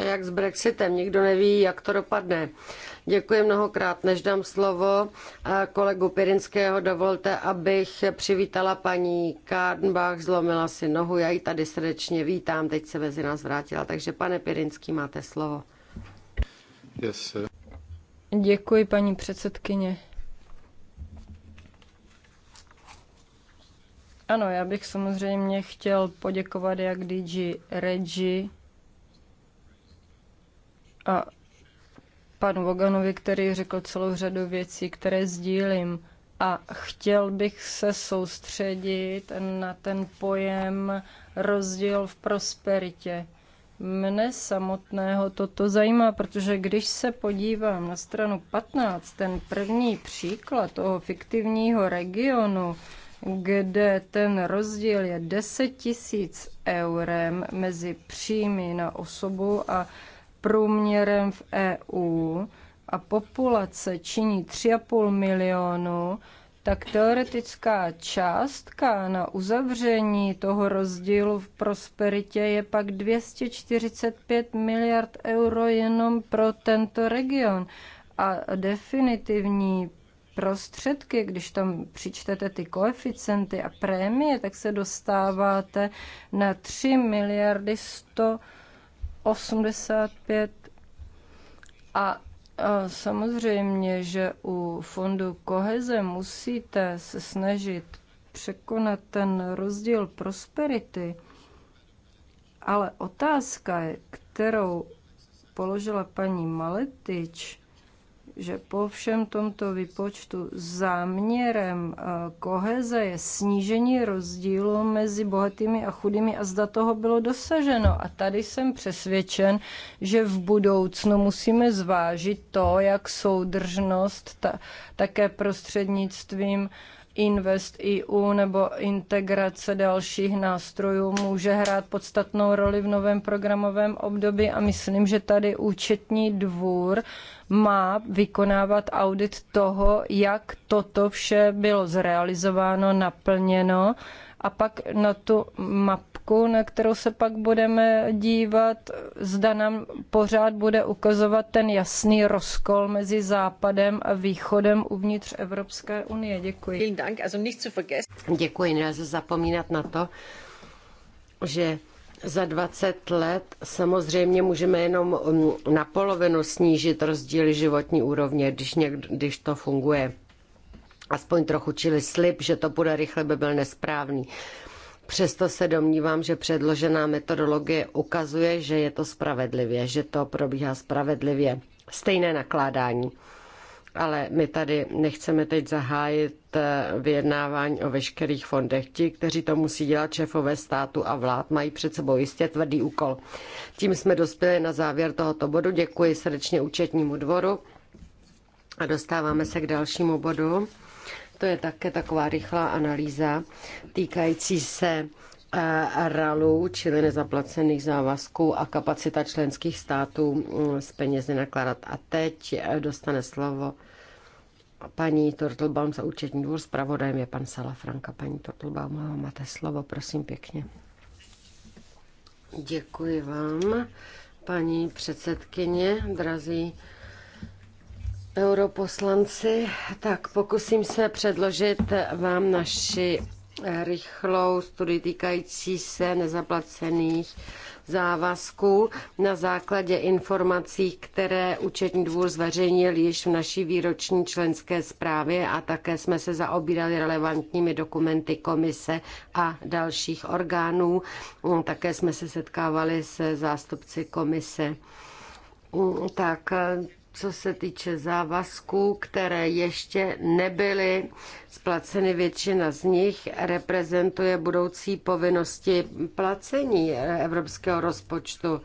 je jak s Brexitem, nikdo neví, jak to dopadne. Děkuji mnohokrát, než dám slovo kolegu Pirinského. Dovolte, abych přivítala paní Kádenbach, zlomila si nohu, já ji tady srdečně vítám, teď se mezi nás vrátila. Takže pane Pirinský, máte slovo. Yes, sir. Děkuji, paní předsedkyně. Ano, já bych samozřejmě chtěl poděkovat jak DJ, Regi a panu Voganovi, který řekl celou řadu věcí, které sdílím. A chtěl bych se soustředit na ten pojem rozdíl v prosperitě. Mne samotného toto zajímá, protože když se podívám na stranu 15, ten první příklad toho fiktivního regionu, kde ten rozdíl je 10 tisíc eurem mezi příjmy na osobu a průměrem v EU a populace činí 3,5 milionu tak teoretická částka na uzavření toho rozdílu v prosperitě je pak 245 miliard euro jenom pro tento region. A definitivní prostředky, když tam přičtete ty koeficienty a prémie, tak se dostáváte na 3 miliardy 185 a a samozřejmě, že u fondu koheze musíte se snažit překonat ten rozdíl prosperity, ale otázka, kterou položila paní Maletič, že po všem tomto vypočtu záměrem eh, koheze je snížení rozdílu mezi bohatými a chudými a zda toho bylo dosaženo. A tady jsem přesvědčen, že v budoucnu musíme zvážit to, jak soudržnost ta, také prostřednictvím Invest EU nebo integrace dalších nástrojů může hrát podstatnou roli v novém programovém období a myslím, že tady účetní dvůr má vykonávat audit toho, jak toto vše bylo zrealizováno, naplněno a pak na tu mapku, na kterou se pak budeme dívat, zda nám pořád bude ukazovat ten jasný rozkol mezi západem a východem uvnitř Evropské unie. Děkuji. Děkuji, nelze zapomínat na to, že za 20 let samozřejmě můžeme jenom um, na polovinu snížit rozdíly životní úrovně, když, někdo, když to funguje. Aspoň trochu, čili slib, že to bude rychle, by byl nesprávný. Přesto se domnívám, že předložená metodologie ukazuje, že je to spravedlivě, že to probíhá spravedlivě. Stejné nakládání ale my tady nechceme teď zahájit eh, vyjednávání o veškerých fondech. Ti, kteří to musí dělat, šéfové státu a vlád, mají před sebou jistě tvrdý úkol. Tím jsme dospěli na závěr tohoto bodu. Děkuji srdečně účetnímu dvoru a dostáváme se k dalšímu bodu. To je také taková rychlá analýza týkající se RALů, čili nezaplacených závazků a kapacita členských států mm, s penězi nakladat. A teď dostane slovo paní Tortelbaum za účetní dvůr. Spravodajem je pan sala franka Paní Tortelbaum, máte slovo, prosím pěkně. Děkuji vám, paní předsedkyně, drazí europoslanci. Tak pokusím se předložit vám naši rychlou studii týkající se nezaplacených závazků na základě informací, které účetní dvůr zveřejnil již v naší výroční členské zprávě a také jsme se zaobírali relevantními dokumenty komise a dalších orgánů. Také jsme se setkávali se zástupci komise. Tak co se týče závazků, které ještě nebyly splaceny, většina z nich reprezentuje budoucí povinnosti placení evropského rozpočtu.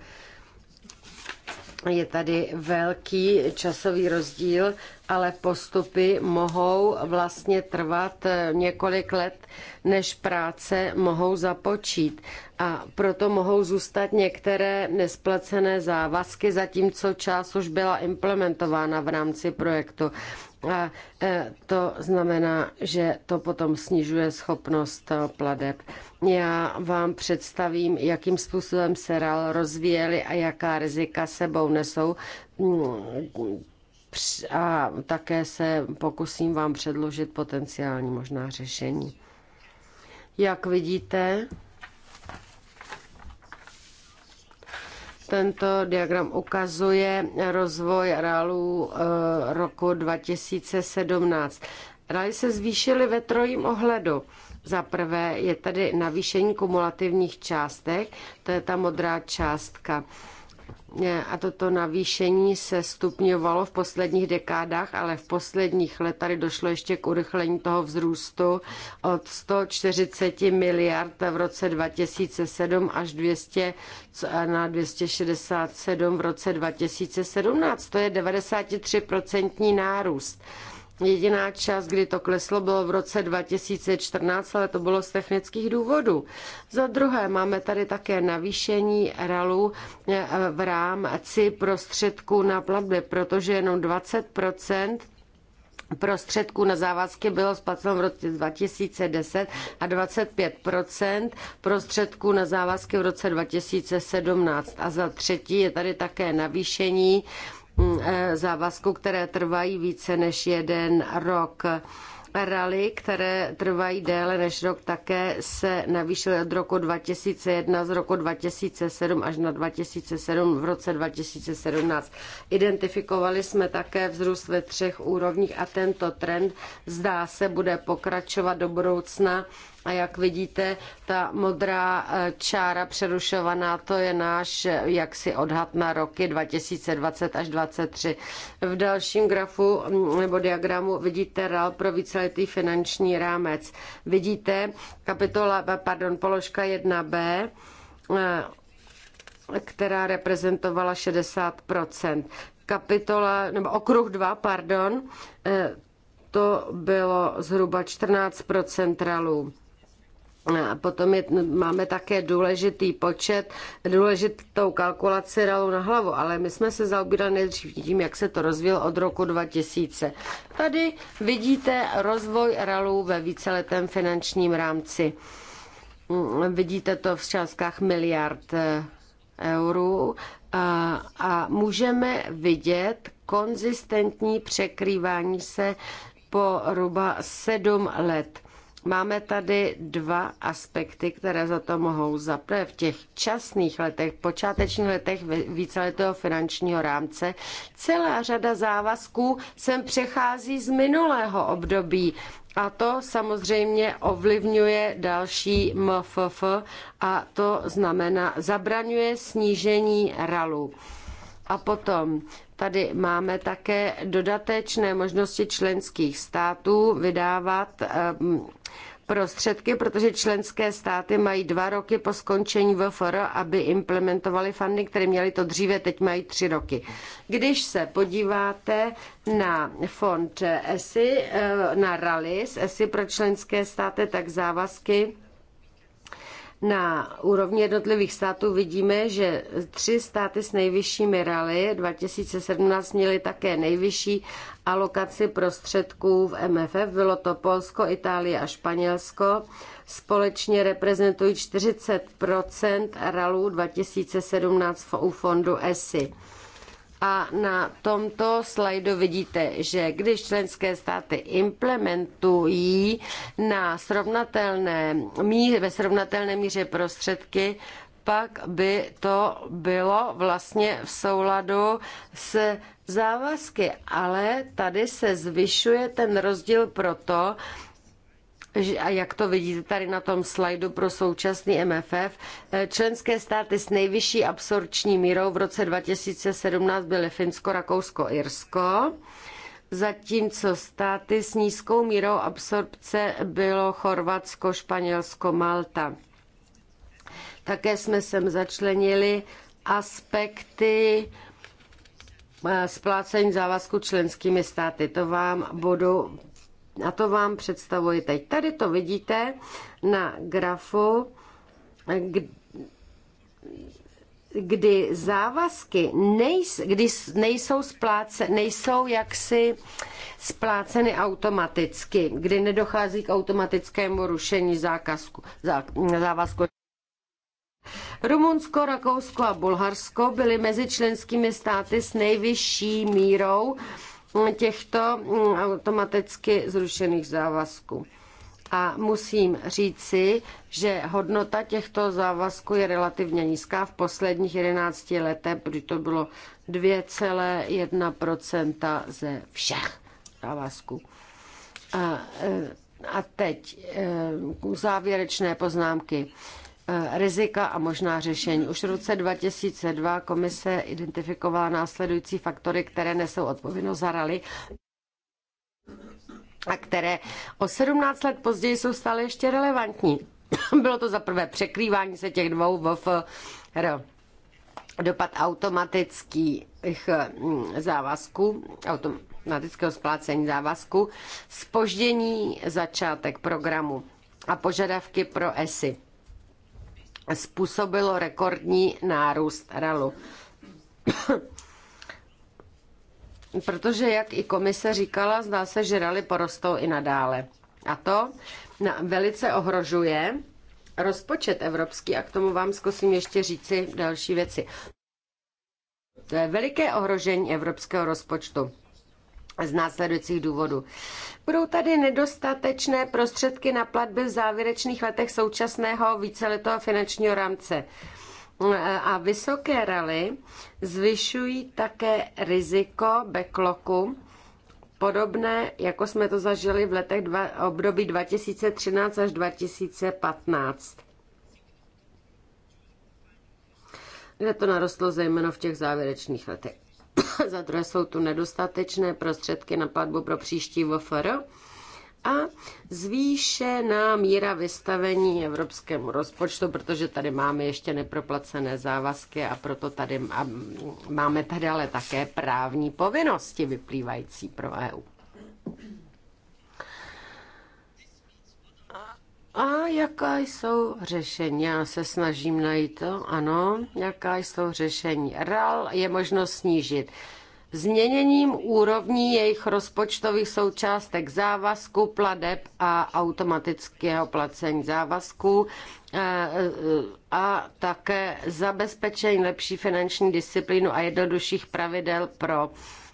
Je tady velký časový rozdíl ale postupy mohou vlastně trvat eh, několik let, než práce mohou započít. A proto mohou zůstat některé nesplacené závazky, zatímco část už byla implementována v rámci projektu. A eh, to znamená, že to potom snižuje schopnost eh, pladeb. Já vám představím, jakým způsobem se RAL rozvíjeli a jaká rizika sebou nesou mm, a také se pokusím vám předložit potenciální možná řešení. Jak vidíte, tento diagram ukazuje rozvoj reálů eh, roku 2017. Rály se zvýšily ve trojím ohledu. Za prvé je tady navýšení kumulativních částek, to je ta modrá částka a toto navýšení se stupňovalo v posledních dekádách, ale v posledních letech tady došlo ještě k urychlení toho vzrůstu od 140 miliard v roce 2007 až 200 na 267 v roce 2017. To je 93% nárůst. Jediná část, kdy to kleslo, bylo v roce 2014, ale to bylo z technických důvodů. Za druhé, máme tady také navýšení RALu eh, v rámci prostředků na platby, protože jenom 20 prostředků na závazky bylo splaceno v roce 2010 a 25 prostředků na závazky v roce 2017. A za třetí je tady také navýšení Mm, eh, závazků, které trvají více než jeden rok. Rally, které trvají déle než rok, také se navýšily od roku 2001 z roku 2007 až na 2007 v roce 2017. Identifikovali jsme také vzrůst ve třech úrovních a tento trend zdá se bude pokračovat do budoucna a jak vidíte, ta modrá eh, čára přerušovaná, to je náš eh, jaksi odhad na roky 2020 až 2023. V dalším grafu mm, nebo diagramu vidíte RAL pro víceletý finanční rámec. Vidíte kapitola, eh, pardon, položka 1b, která reprezentovala 60 Kapitola, nebo okruh 2, pardon, to bylo zhruba 14 RALů Potom je, máme také důležitý počet, důležitou kalkulaci ralu na hlavu, ale my jsme se zaobírali nejdřív tím, jak se to rozvíjelo od roku 2000. Tady vidíte rozvoj ralů ve víceletém finančním rámci. Mm, vidíte to v částkách miliard eh, eurů a, a můžeme vidět konzistentní překrývání se po ruba sedm let Máme tady dva aspekty, které za to mohou zaprvé v těch časných letech, počátečních letech víceletého finančního rámce. Celá řada závazků sem přechází z minulého období a to samozřejmě ovlivňuje další MFF a to znamená zabraňuje snížení RALu. A potom tady máme také dodatečné možnosti členských států vydávat um, prostředky, protože členské státy mají dva roky po skončení VFR, aby implementovali fundy, které měly to dříve, teď mají tři roky. Když se podíváte na fond ESI, eh, na rally z ESI pro členské státy, tak závazky na úrovni jednotlivých států vidíme, že tři státy s nejvyššími rally 2017 měly také nejvyšší alokaci prostředků v MFF. Bylo to Polsko, Itálie a Španělsko. Společně reprezentují 40 ralů 2017 u fondu ESI. A na tomto slajdu vidíte, že když členské státy implementují na srovnatelné míře, ve srovnatelné míře prostředky, pak by to bylo vlastně v souladu s závazky. Ale tady se zvyšuje ten rozdíl proto, a jak to vidíte tady na tom slajdu pro současný MFF, eh, členské státy s nejvyšší absorční mírou v roce 2017 byly Finsko, Rakousko, Irsko, zatímco státy s nízkou mírou absorpce bylo Chorvatsko, Španělsko, Malta. Také jsme sem začlenili aspekty eh, splácení závazku členskými státy. To vám budu a to vám představuji teď. Tady to vidíte na grafu, kdy závazky nejs, kdy nejsou, spláce, nejsou jaksi spláceny automaticky, kdy nedochází k automatickému rušení zákazku, zá, závazku. Rumunsko, Rakousko a Bulharsko byly mezi členskými státy s nejvyšší mírou těchto mm, automaticky zrušených závazků. A musím říci, že hodnota těchto závazků je relativně nízká. V posledních 11 letech, protože to bylo 2,1 ze všech závazků. A, e, a teď e, závěrečné poznámky. Eh, rizika a možná řešení. Už v roce 2002 komise identifikovala následující faktory, které nesou odpovědnost za rally a které o 17 let později jsou stále ještě relevantní. Bylo to za prvé překrývání se těch dvou v dopad automatických mm, závazků, automatického splácení závazků, spoždění začátek programu a požadavky pro ESI způsobilo rekordní nárůst RALu. Protože, jak i komise říkala, zdá se, že RALy porostou i nadále. A to velice ohrožuje rozpočet evropský a k tomu vám zkusím ještě říci další věci. To je veliké ohrožení evropského rozpočtu z následujících důvodů. Budou tady nedostatečné prostředky na platby v závěrečných letech současného víceletého finančního rámce. A vysoké rally zvyšují také riziko backlogu, podobné, jako jsme to zažili v letech dva, období 2013 až 2015. Kde to narostlo zejména v těch závěrečných letech. za druhé jsou tu nedostatečné prostředky na platbu pro příští VFR a zvýšená míra vystavení evropskému rozpočtu, protože tady máme ještě neproplacené závazky a proto tady máme tady ale také právní povinnosti vyplývající pro EU. A jaká jsou řešení? Já se snažím najít to, ano. Jaká jsou řešení? RAL je možno snížit. Změněním úrovní jejich rozpočtových součástek závazku, pladeb a automatického placení závazků eh, eh, a také zabezpečení lepší finanční disciplínu a jednodušších pravidel pro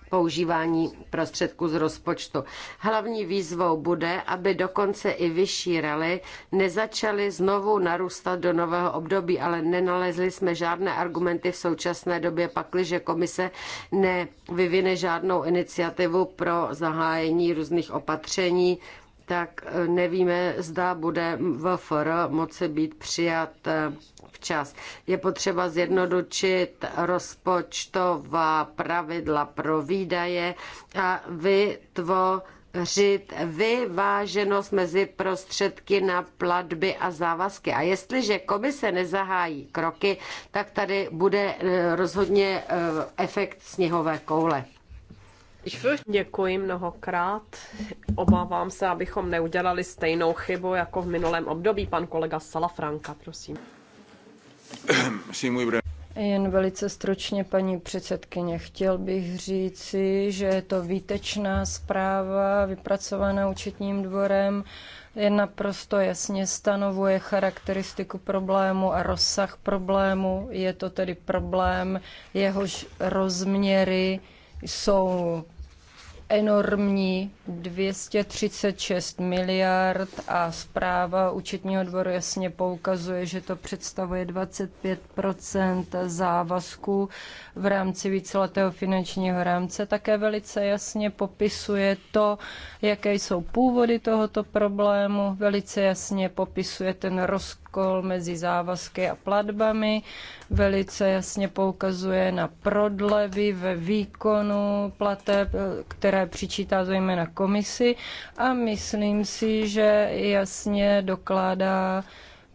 používání prostředků z rozpočtu. Hlavní výzvou bude, aby dokonce i vyšší rally nezačaly znovu narůstat do nového období, ale nenalezli jsme žádné argumenty v současné době, pakliže komise nevyvine žádnou iniciativu pro zahájení různých opatření, tak nevíme, zda bude VFR moci být přijat eh, včas. Je potřeba zjednodušit rozpočtová pravidla pro výdaje a vytvořit vyváženost mezi prostředky na platby a závazky. A jestliže komise nezahájí kroky, tak tady bude eh, rozhodně eh, efekt sněhové koule. Děkuji mnohokrát. Obávám se, abychom neudělali stejnou chybu jako v minulém období. Pan kolega Salafranka, prosím. Jen velice stročně, paní předsedkyně, chtěl bych říci, že je to výtečná zpráva vypracovaná účetním dvorem. Je naprosto jasně stanovuje charakteristiku problému a rozsah problému. Je to tedy problém, jehož rozměry jsou enormní 236 miliard a zpráva účetního dvoru jasně poukazuje, že to představuje 25 závazků v rámci víceletého finančního rámce. Také velice jasně popisuje to, jaké jsou původy tohoto problému, velice jasně popisuje ten rozklad rozkol mezi závazky a platbami, velice jasně poukazuje na prodlevy ve výkonu plateb, které přičítá zejména komisi a myslím si, že jasně dokládá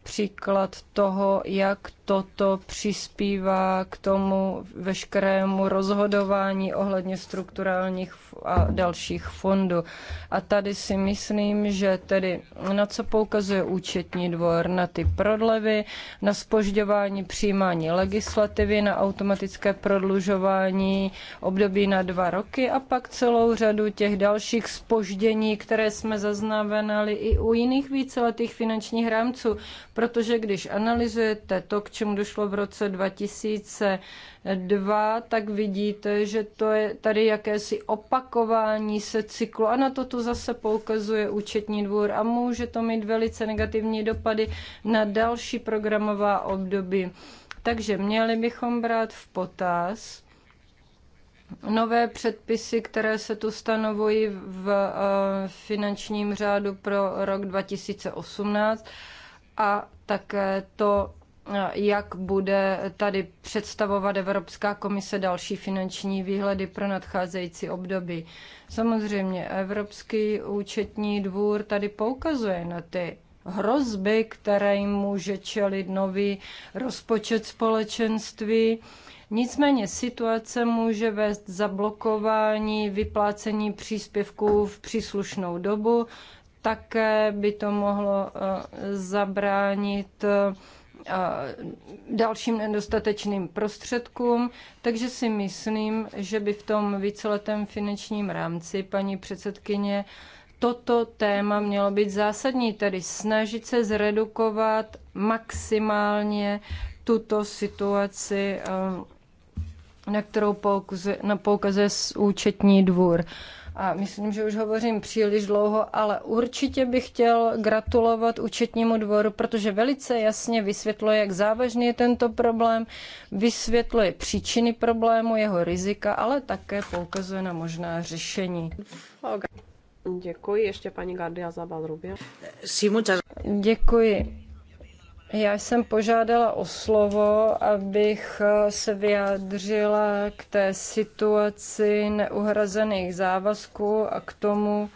příklad toho, jak toto přispívá k tomu veškerému rozhodování ohledně strukturálních a dalších fondů. A tady si myslím, že tedy na co poukazuje účetní dvor, na ty prodlevy, na spožďování přijímání legislativy, na automatické prodlužování období na dva roky a pak celou řadu těch dalších spoždění, které jsme zaznamenali i u jiných víceletých finančních rámců, protože když analyzujete to, k čemu čemu došlo v roce 2002, tak vidíte, že to je tady jakési opakování se cyklu a na to tu zase poukazuje účetní dvůr a může to mít velice negativní dopady na další programová období. Takže měli bychom brát v potaz, nové předpisy, které se tu stanovují v eh, finančním řádu pro rok 2018 a také to jak bude tady představovat Evropská komise další finanční výhledy pro nadcházející období. Samozřejmě Evropský účetní dvůr tady poukazuje na ty hrozby, které jim může čelit nový rozpočet společenství. Nicméně situace může vést zablokování vyplácení příspěvků v příslušnou dobu. Také by to mohlo eh, zabránit eh, dalším nedostatečným prostředkům, takže si myslím, že by v tom víceletém finančním rámci paní předsedkyně toto téma mělo být zásadní, tedy snažit se zredukovat maximálně tuto situaci, eh, na kterou poukazuje, na poukazuje účetní dvůr. A myslím, že už hovořím příliš dlouho, ale určitě bych chtěl gratulovat účetnímu dvoru, protože velice jasně vysvětluje, jak závažný je tento problém, vysvětluje příčiny problému, jeho rizika, ale také poukazuje na možná řešení. Děkuji, ještě paní Gardia Zabal Děkuji. Já jsem požádala o slovo, abych eh, se vyjádřila k té situaci neuhrazených závazků a k tomu,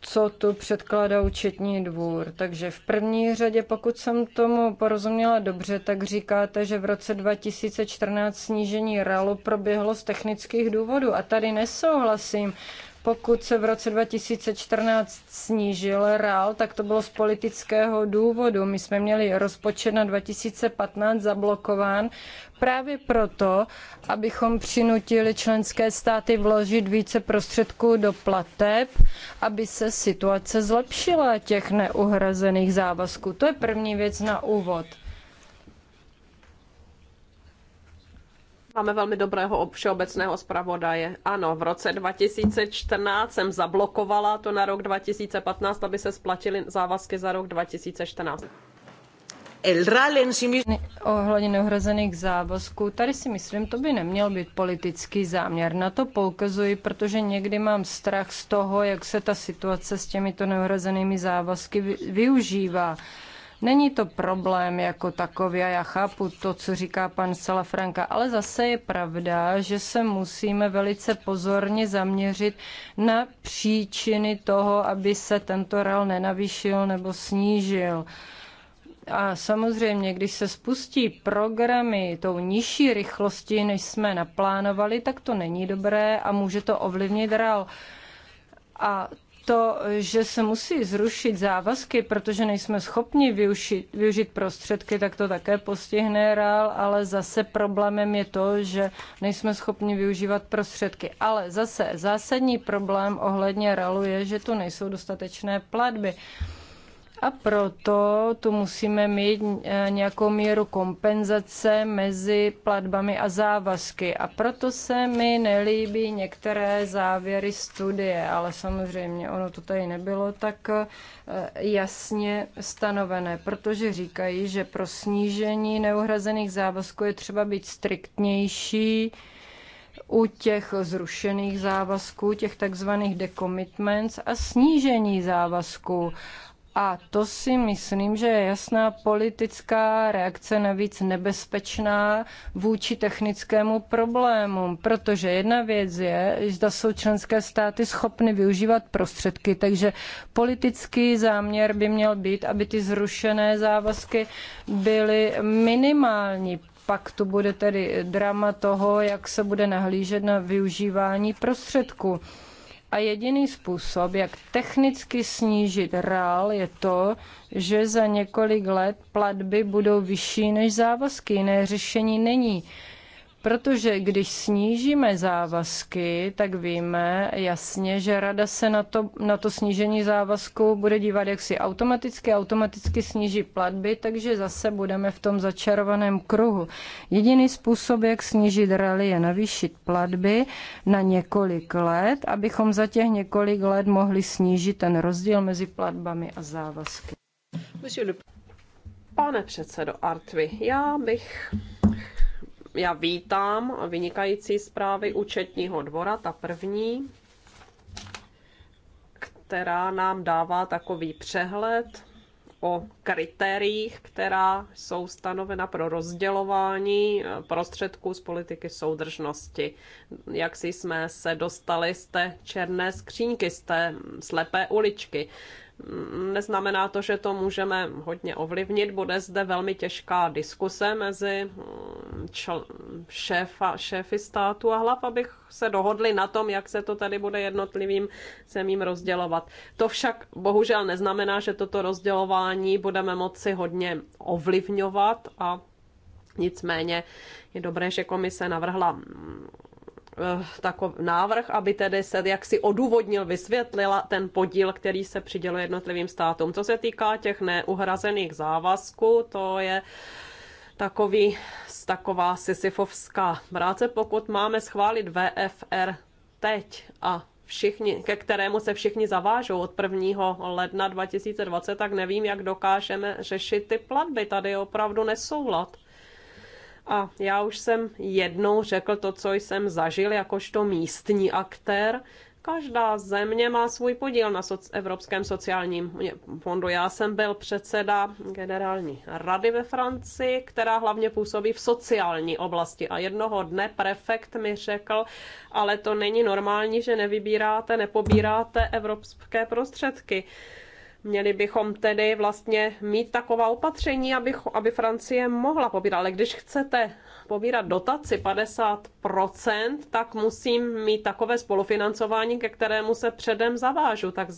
co tu předkládá účetní dvůr. Takže v první řadě, pokud jsem tomu porozuměla dobře, tak říkáte, že v roce 2014 snížení RALu proběhlo z technických důvodů. A tady nesouhlasím, pokud se v roce 2014 snížil RAL, tak to bylo z politického důvodu. My jsme měli rozpočet na 2015 zablokován právě proto, abychom přinutili členské státy vložit více prostředků do plateb, aby se situace zlepšila těch neuhrazených závazků. To je první věc na úvod. Máme velmi dobrého všeobecného zpravodaje. Ano, v roce 2014 jsem zablokovala to na rok 2015, aby se splatily závazky za rok 2014. El Ohledně neohrozených závazků, tady si myslím, to by neměl být politický záměr. Na to poukazuji, protože někdy mám strach z toho, jak se ta situace s těmito neohrozenými závazky využívá. Není to problém jako takový a já chápu to, co říká pan Salafranka, ale zase je pravda, že se musíme velice pozorně zaměřit na příčiny toho, aby se tento rel nenavýšil nebo snížil. A samozřejmě, když se spustí programy tou nižší rychlostí, než jsme naplánovali, tak to není dobré a může to ovlivnit rál. A to, že se musí zrušit závazky, protože nejsme schopni využít, využít prostředky, tak to také postihne reál, ale zase problémem je to, že nejsme schopni využívat prostředky. Ale zase zásadní problém ohledně realu je, že tu nejsou dostatečné platby. A proto tu musíme mít e, nějakou míru kompenzace mezi platbami a závazky. A proto se mi nelíbí některé závěry studie, ale samozřejmě ono to tady nebylo tak e, jasně stanovené, protože říkají, že pro snížení neuhrazených závazků je třeba být striktnější, u těch zrušených závazků, těch takzvaných decommitments a snížení závazků. A to si myslím, že je jasná politická reakce, navíc nebezpečná vůči technickému problému, protože jedna věc je, zda jsou členské státy schopny využívat prostředky, takže politický záměr by měl být, aby ty zrušené závazky byly minimální. Pak tu bude tedy drama toho, jak se bude nahlížet na využívání prostředků. A jediný způsob, jak technicky snížit rál, je to, že za několik let platby budou vyšší než závazky. Jiné řešení není. Protože když snížíme závazky, tak víme jasně, že rada se na to, na to snížení závazku bude dívat jak si automaticky, automaticky sníží platby, takže zase budeme v tom začarovaném kruhu. Jediný způsob, jak snížit rally, je navýšit platby na několik let, abychom za těch několik let mohli snížit ten rozdíl mezi platbami a závazky. Pane předsedo Artvi, já bych já vítám vynikající zprávy účetního dvora, ta první, která nám dává takový přehled o kritériích, která jsou stanovena pro rozdělování prostředků z politiky soudržnosti. Jak si jsme se dostali z té černé skřínky, z té slepé uličky. Neznamená to, že to můžeme hodně ovlivnit. Bude zde velmi těžká diskuse mezi mm, čl- šéfa, šéfy státu a hlav, abych se dohodli na tom, jak se to tady bude jednotlivým zemím rozdělovat. To však bohužel neznamená, že toto rozdělování budeme moci hodně ovlivňovat a nicméně je dobré, že komise navrhla mm, Eh, takov návrh, aby tedy se jaksi odůvodnil, vysvětlila ten podíl, který se přiděluje jednotlivým státům. Co se týká těch neuhrazených závazků, to je takový, taková sisyfovská práce. Pokud máme schválit VFR teď a všichni, ke kterému se všichni zavážou od 1. ledna 2020, tak nevím, jak dokážeme řešit ty platby. Tady je opravdu nesoulad. A já už jsem jednou řekl to, co jsem zažil jakožto místní aktér. Každá země má svůj podíl na soc- Evropském sociálním fondu. Já jsem byl předseda generální rady ve Francii, která hlavně působí v sociální oblasti. A jednoho dne prefekt mi řekl, ale to není normální, že nevybíráte, nepobíráte evropské prostředky. Měli bychom tedy vlastně mít taková opatření, aby, aby Francie mohla pobírat. Ale když chcete pobírat dotaci 50%, tak musím mít takové spolufinancování, ke kterému se předem zavážu. Tak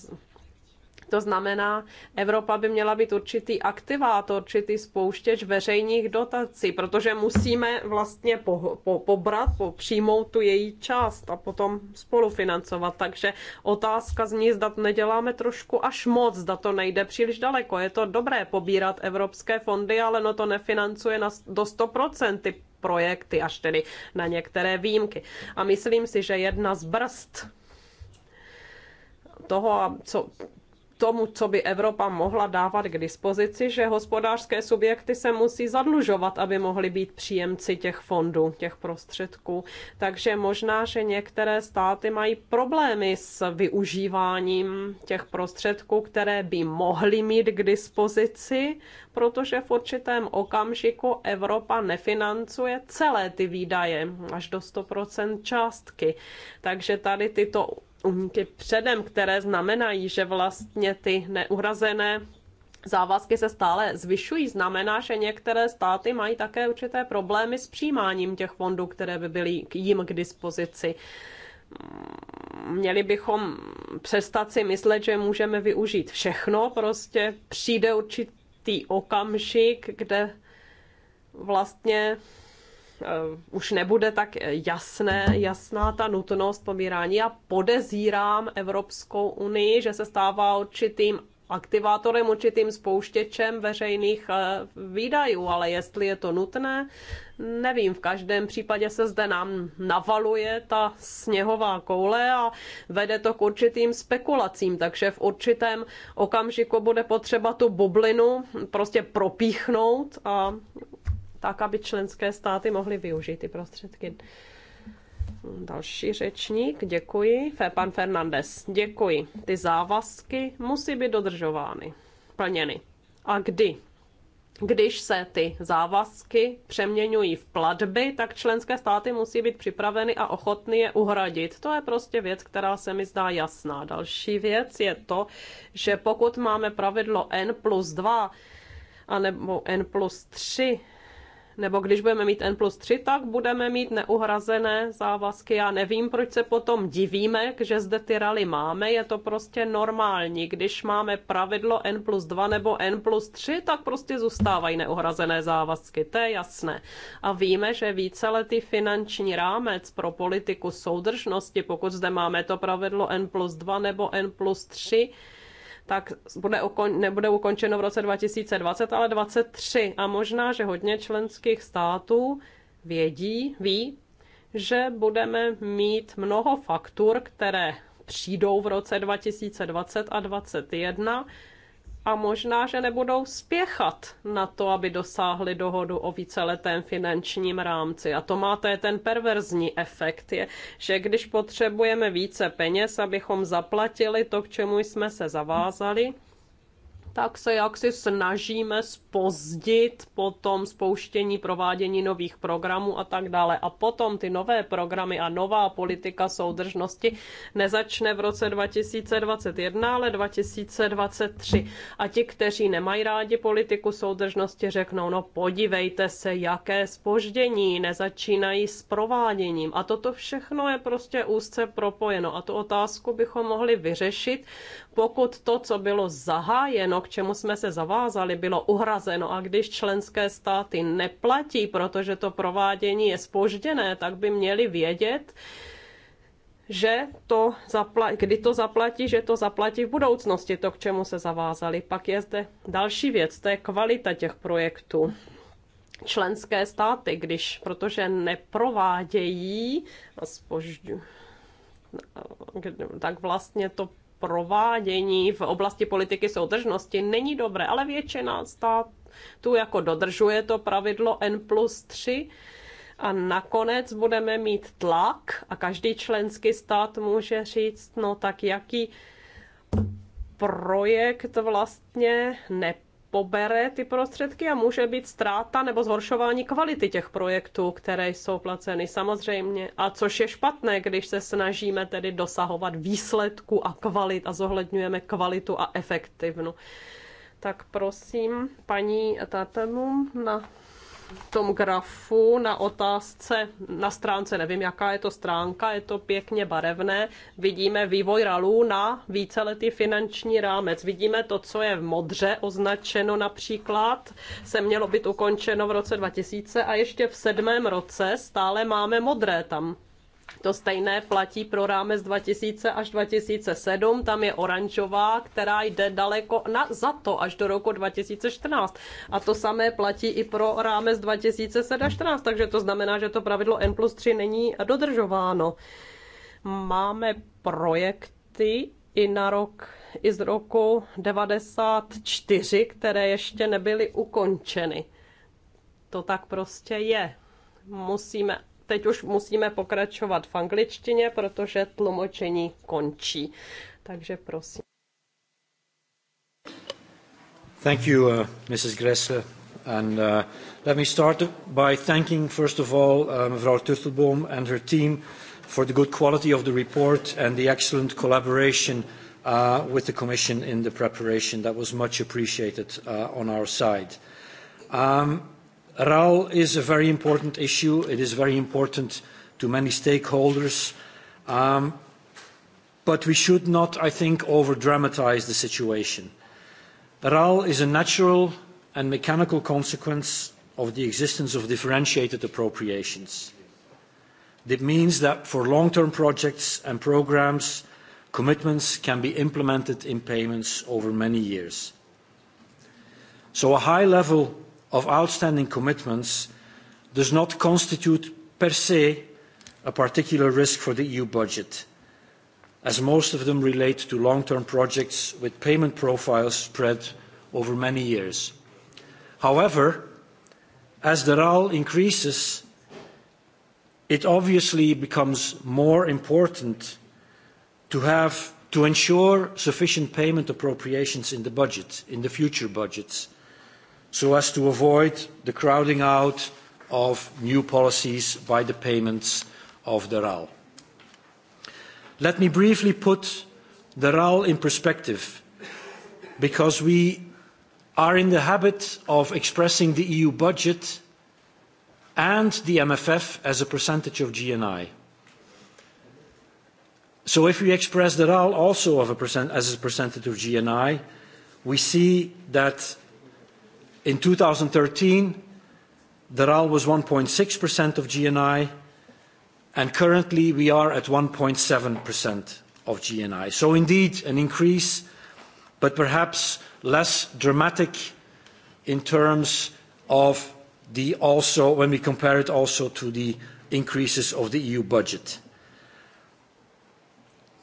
to znamená, Evropa by měla být určitý aktivátor, určitý spouštěč veřejných dotací, protože musíme vlastně po, po, pobrat, po, přijmout tu její část a potom spolufinancovat. Takže otázka zní, zda to neděláme trošku až moc, zda to nejde příliš daleko. Je to dobré pobírat evropské fondy, ale no to nefinancuje na, do 100% ty projekty, až tedy na některé výjimky. A myslím si, že jedna z brzd toho, co tomu, co by Evropa mohla dávat k dispozici, že hospodářské subjekty se musí zadlužovat, aby mohly být příjemci těch fondů, těch prostředků. Takže možná, že některé státy mají problémy s využíváním těch prostředků, které by mohly mít k dispozici, protože v určitém okamžiku Evropa nefinancuje celé ty výdaje až do 100% částky. Takže tady tyto úniky předem, které znamenají, že vlastně ty neuhrazené závazky se stále zvyšují, znamená, že některé státy mají také určité problémy s přijímáním těch fondů, které by byly jim k dispozici. Měli bychom přestat si myslet, že můžeme využít všechno, prostě přijde určitý okamžik, kde vlastně Eh, už nebude tak jasné, jasná ta nutnost pomírání. Já podezírám Evropskou unii, že se stává určitým aktivátorem, určitým spouštěčem veřejných eh, výdajů, ale jestli je to nutné, nevím. V každém případě se zde nám navaluje ta sněhová koule a vede to k určitým spekulacím, takže v určitém okamžiku bude potřeba tu bublinu prostě propíchnout a tak, aby členské státy mohly využít ty prostředky. Další řečník, děkuji. Pan Fernandez, děkuji. Ty závazky musí být dodržovány, plněny. A kdy? Když se ty závazky přeměňují v platby, tak členské státy musí být připraveny a ochotny je uhradit. To je prostě věc, která se mi zdá jasná. Další věc je to, že pokud máme pravidlo N plus 2 nebo N plus 3, nebo když budeme mít N plus 3, tak budeme mít neuhrazené závazky. Já nevím, proč se potom divíme, že zde ty rally máme, je to prostě normální. Když máme pravidlo N plus 2 nebo N plus 3, tak prostě zůstávají neuhrazené závazky, to je jasné. A víme, že víceletý finanční rámec pro politiku soudržnosti, pokud zde máme to pravidlo N plus 2 nebo N plus 3, tak bude ukon, nebude ukončeno v roce 2020, ale 2023. A možná, že hodně členských států vědí, ví, že budeme mít mnoho faktur, které přijdou v roce 2020 a 2021 a možná, že nebudou spěchat na to, aby dosáhli dohodu o víceletém finančním rámci. A to má to je ten perverzní efekt, je, že když potřebujeme více peněz, abychom zaplatili to, k čemu jsme se zavázali, tak se jaksi snažíme spozdit potom spouštění provádění nových programů a tak dále. A potom ty nové programy a nová politika soudržnosti nezačne v roce 2021, ale 2023. A ti, kteří nemají rádi politiku soudržnosti, řeknou, no podívejte se, jaké spoždění, nezačínají s prováděním. A toto všechno je prostě úzce propojeno. A tu otázku bychom mohli vyřešit, pokud to, co bylo zahájeno, k čemu jsme se zavázali, bylo uhrazeno a když členské státy neplatí, protože to provádění je spožděné, tak by měli vědět, že to zaplatí, kdy to zaplatí, že to zaplatí v budoucnosti, to, k čemu se zavázali. Pak je zde další věc, to je kvalita těch projektů členské státy, když, protože neprovádějí a spožďu, tak vlastně to provádění v oblasti politiky soudržnosti není dobré, ale většina států jako dodržuje to pravidlo N plus 3 a nakonec budeme mít tlak a každý členský stát může říct, no tak jaký projekt vlastně ne pobere ty prostředky a může být ztráta nebo zhoršování kvality těch projektů, které jsou placeny samozřejmě. A což je špatné, když se snažíme tedy dosahovat výsledku a kvalit a zohledňujeme kvalitu a efektivnu. Tak prosím, paní Tatemu na tom grafu na otázce na stránce, nevím, jaká je to stránka, je to pěkně barevné, vidíme vývoj ralů na víceletý finanční rámec. Vidíme to, co je v modře označeno například, se mělo být ukončeno v roce 2000 a ještě v sedmém roce stále máme modré tam. To stejné platí pro rámec 2000 až 2007, tam je oranžová, která jde daleko na, za to až do roku 2014. A to samé platí i pro rámec 2007 až 2014, takže to znamená, že to pravidlo N plus 3 není dodržováno. Máme projekty i na rok i z roku 94, které ještě nebyly ukončeny. To tak prostě je. Musíme teď už musíme pokračovat v angličtině, protože tlumočení končí. Takže prosím. Thank you, uh, Mrs. Gressler. And uh, let me start by thanking, first of all, uh, Mevrouw Tuftelboom and her team for the good quality of the report and the excellent collaboration uh, with the Commission in the preparation. That was much appreciated uh, on our side. Um, RAL is a very important issue. It is very important to many stakeholders. Um, but we should not, I think, over-dramatize the situation. RAL is a natural and mechanical consequence of the existence of differentiated appropriations. It means that for long-term projects and programs, commitments can be implemented in payments over many years. So a high level of outstanding commitments does not constitute per se a particular risk for the EU budget, as most of them relate to long-term projects with payment profiles spread over many years. However, as the RAL increases, it obviously becomes more important to have to ensure sufficient payment appropriations in the budget, in the future budgets, so as to avoid the crowding out of new policies by the payments of the RAL. Let me briefly put the RAL in perspective, because we are in the habit of expressing the EU budget and the MFF as a percentage of GNI. So if we express the RAL also a percent, as a percentage of GNI, we see that In 2013, the RAL was 1.6% of GNI, and currently we are at 1.7% of GNI. So indeed, an increase, but perhaps less dramatic in terms of the also when we compare it also to the increases of the EU budget.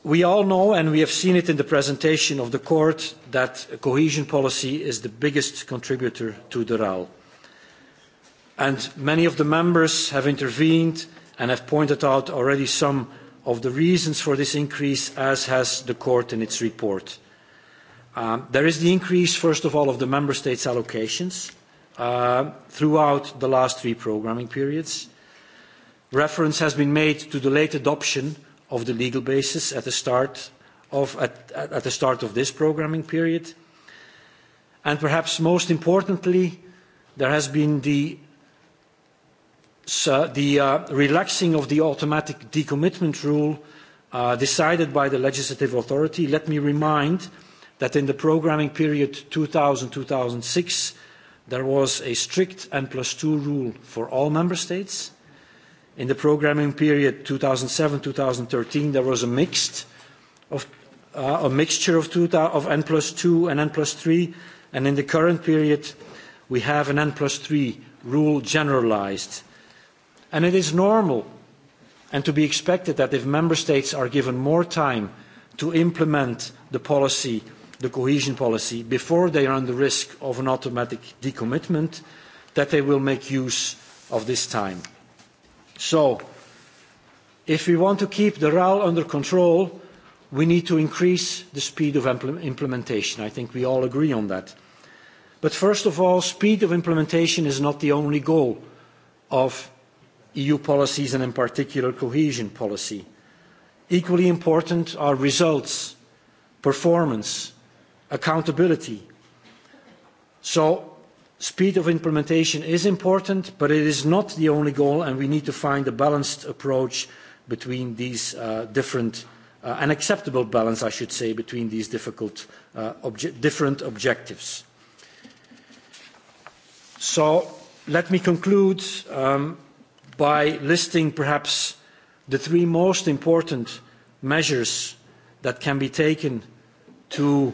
We all know, and we have seen it in the presentation of the court, that cohesion policy is the biggest contributor to the RAL. And many of the members have intervened and have pointed out already some of the reasons for this increase, as has the court in its report. Um, there is the increase, first of all, of the member states' allocations uh, throughout the last three programming periods. Reference has been made to the late adoption of the legal basis at the start of, at, at the start of this programming period. And perhaps most importantly, there has been the, so uh, the uh, relaxing of the automatic decommitment rule uh, decided by the legislative authority. Let me remind that in the programming period 2000-2006, there was a strict N plus 2 rule for all member states In the programming period 2007-2013, there was a mixed of uh, a mixture of, two, of N plus 2 and N plus 3, and in the current period, we have an N plus 3 rule generalized. And it is normal and to be expected that if member states are given more time to implement the policy, the cohesion policy, before they run the risk of an automatic decommitment, that they will make use of this time. So, if we want to keep the RAL under control, we need to increase the speed of implementation. I think we all agree on that. But first of all, speed of implementation is not the only goal of EU policies and in particular cohesion policy. Equally important are results, performance, accountability. So Speed of implementation is important, but it is not the only goal, and we need to find a balanced approach between these uh, different, uh, an acceptable balance, I should say, between these difficult, uh, obje different objectives. So let me conclude um, by listing perhaps the three most important measures that can be taken to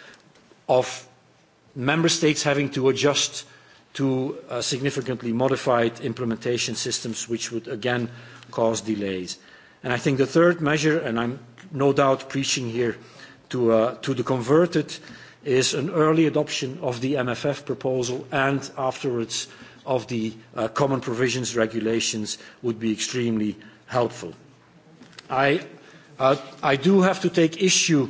of member states having to adjust to uh, significantly modified implementation systems, which would again cause delays. And I think the third measure, and I'm no doubt preaching here to, uh, to the converted, is an early adoption of the MFF proposal and afterwards of the uh, common provisions regulations would be extremely helpful. I, uh, I do have to take issue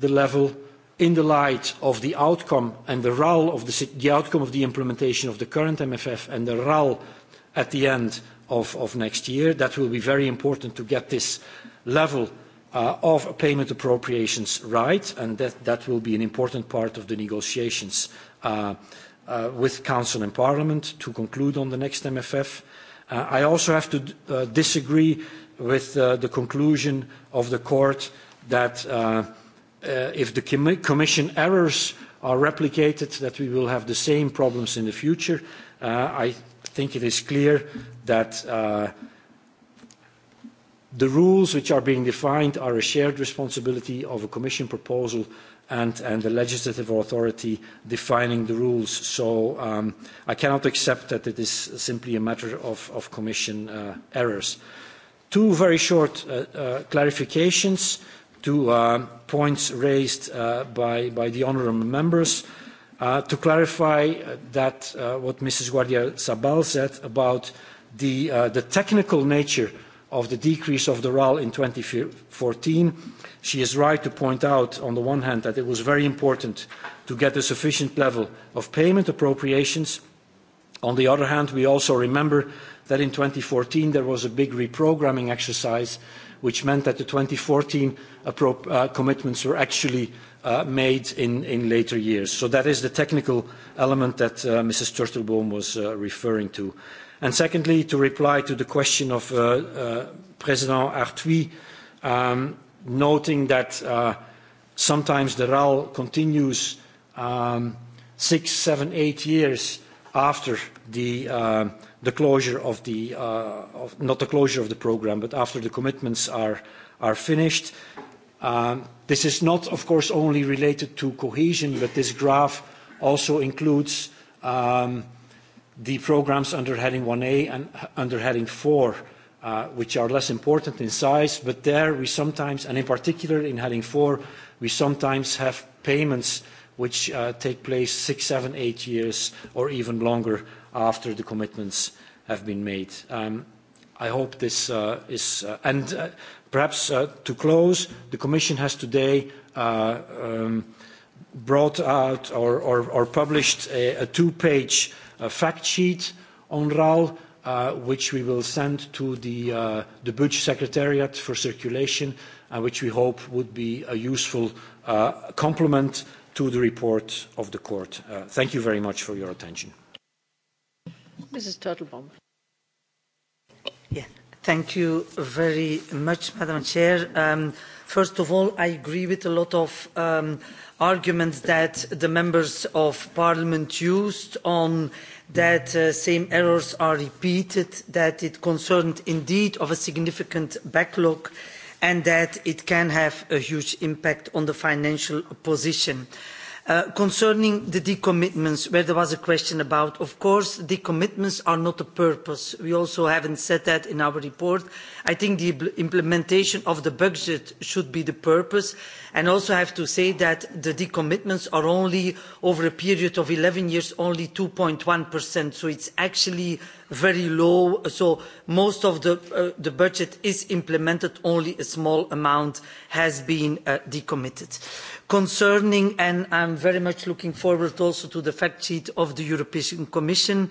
the level in the light of the outcome and the RAL of the, the outcome of the implementation of the current MFF and the RAL at the end of, of next year. That will be very important to get this level uh, of payment appropriations right, and that, that will be an important part of the negotiations uh, uh, with Council and Parliament to conclude on the next MFF. Uh, I also have to uh, disagree with uh, the conclusion of the court that Uh, if the Commission errors are replicated, that we will have the same problems in the future. Uh, I think it is clear that uh, the rules which are being defined are a shared responsibility of a Commission proposal and, and the legislative authority defining the rules. So um, I cannot accept that it is simply a matter of, of Commission uh, errors. Two very short uh, clarifications. Uh, to uh, points raised uh, by, the honorable members. Uh, to clarify that what Mrs. Guardia Sabal said about the technical nature of the decrease of the RAL in 2014, she is right to point out, on the one hand, that it was very important to get a sufficient level of payment appropriations. On the other hand, we also remember that in 2014 there was a big reprogramming exercise which meant that the 2014 uh, commitments were actually uh, made in, later years. So that is the technical element that uh, Mrs. Turtelboom was referring to. And secondly, to reply to the question of President Arthuis, um, noting that sometimes the RAL continues um, six, seven, eight years after uh, the, closure of the, uh, of, not the closure of the program, but after the commitments are, finished. Um, this is not, of course, only related to cohesion, but this graph also includes um, the programs under heading 1A and under heading 4, uh, which are less important in size, but there we sometimes, and in particular in heading 4, we sometimes have payments which uh, take place six, seven, eight years or even longer after the commitments have been made. Um, I hope this uh, is, uh, and uh, perhaps uh, to close, the Commission has today uh, um, brought out or, or, or published a, a two-page uh, fact sheet on RAL, uh, which we will send to the, uh, the Budge Secretariat for circulation, and which we hope would be a useful uh, complement to the report of the court. Uh, thank you very much for your attention. Mrs. Turtlebaum. Yeah. Thank you very much, Madam Chair. Um, first of all, I agree with a lot of um, arguments that the members of Parliament used on that uh, same errors are repeated, that it concerned indeed of a significant backlog uh, and that it can have a huge impact on the financial position. Uh, concerning the decommitments, where there was a question about, of course, decommitments are not the purpose. We also haven't said that in our report. I think the implementation of the budget should be the purpose. And also I have to say that the decommitments are only over a period of 11 years, only 2.1%. So it's actually very low. So most of the, uh, the budget is implemented. Only a small amount has been uh, decommitted. Concerning, and I'm very much looking forward also to the fact sheet of the European Commission,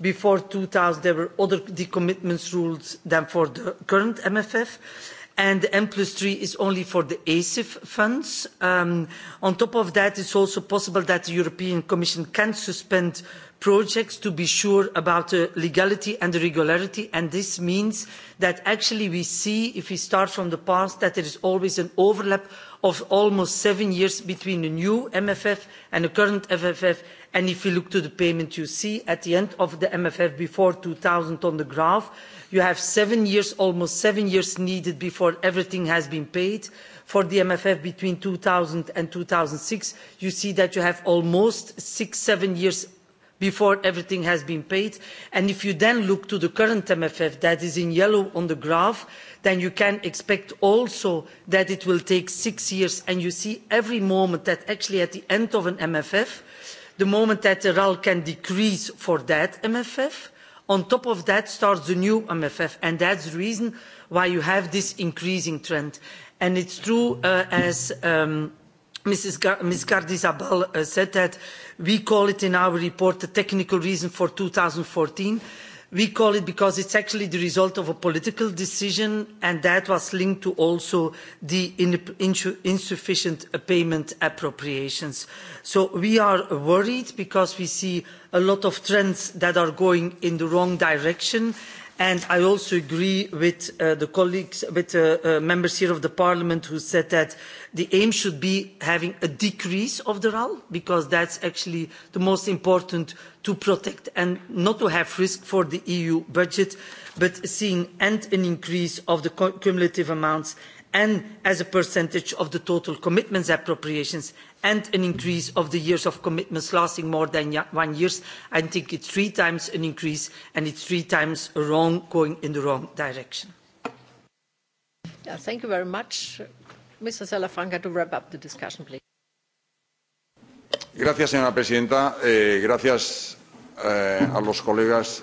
Before 2000, there were other decommitments rules than for the current MFF. And M plus three is only for the ASIF funds. Um, on top of that, it's also possible that the European Commission can suspend projects to be sure about the legality and the regularity. And this means that actually we see, if we start from the past, that there is always an overlap of almost seven years between the new MFF and the current MFF. And if you look to the payment you see at the end of the MFF before 2000 on the graph, you have seven years, almost seven years needed before everything has been paid. For the MFF between 2000 and 2006, you see that you have almost six, seven years before everything has been paid. And if you then look to the current MFF that is in yellow on the graph, then you can expect also that it will take six years. And you see every moment that actually at the end of an MFF, the moment that the RAL can decrease for that MFF, on top of that starts the new MFF. And that's the reason why you have this increasing trend. And it's true, uh, as um, Mrs. Gar Ms. Gardizabal uh, said that we call it in our report the technical reason for 2014. We call it because it's actually the result of a political decision and that was linked to also the in, insu, insufficient payment appropriations. So we are worried because we see a lot of trends that are going in the wrong direction And I also agree with uh, the colleagues, with uh, uh, members here of the parliament who said that the aim should be having a decrease of the RAL, because that's actually the most important to protect and not to have risk for the EU budget, but seeing and an increase of the cumulative amounts and as a percentage of the total commitments appropriations and an increase of the years of commitments lasting more than one year. I think it's three times an increase and it's three times wrong, going in the wrong direction. Yeah, thank you very much. Mr. Salafranca, to wrap up the discussion, please. Gracias, señora presidenta. Eh, gracias eh, a los colegas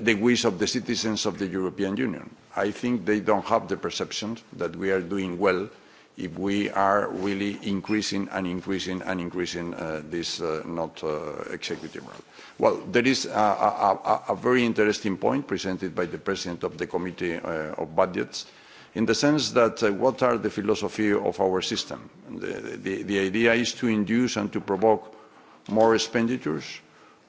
the wish of the citizens of the European Union. I think they don't have the perception that we are doing well if we are really increasing and increasing and increasing uh, this uh, not uh, executive role. Well, there is a, a, a, very interesting point presented by the president of the Committee uh, of Budgets in the sense that uh, what are the philosophy of our system? The, the, the idea is to induce and to provoke more expenditures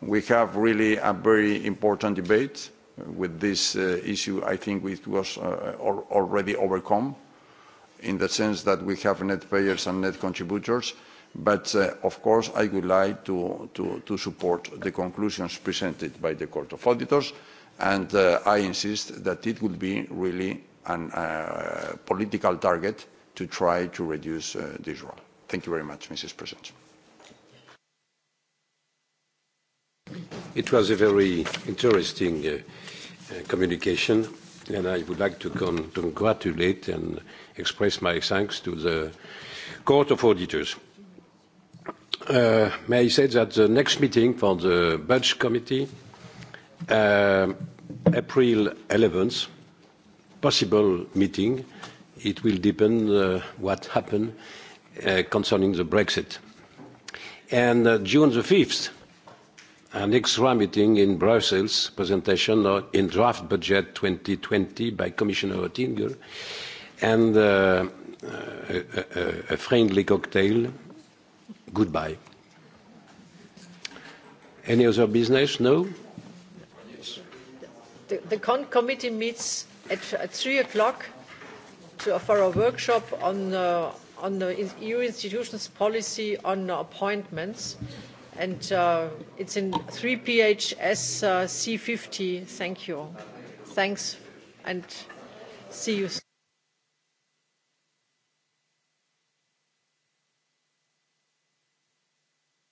We have really a very important debate with this uh, issue. I think it was uh, already overcome in the sense that we have net payers and net contributors. But uh, of course, I would like to, to, to support the conclusions presented by the Court of Auditors, and uh, I insist that it would be really a uh, political target to try to reduce uh, this role. Thank you very much, Mrs. President. It was a very interesting uh, uh, communication, and I would like to congratulate and express my thanks to the Court of Auditors. Uh, may I say that the next meeting for the Budget Committee, April 11th, possible meeting, it will depend what happen concerning the Brexit. And June the 5th, an extra meeting in Brussels, presentation in draft budget 2020 by Commissioner Oettinger, and uh, a, a, a friendly cocktail. Goodbye. Any other business? No? The, the CON committee meets at, at 3 o'clock for a workshop on, uh, on the EU institutions policy on appointments. Mm -hmm and uh, it's in 3PHS uh, C50. Thank you. Thanks and see you.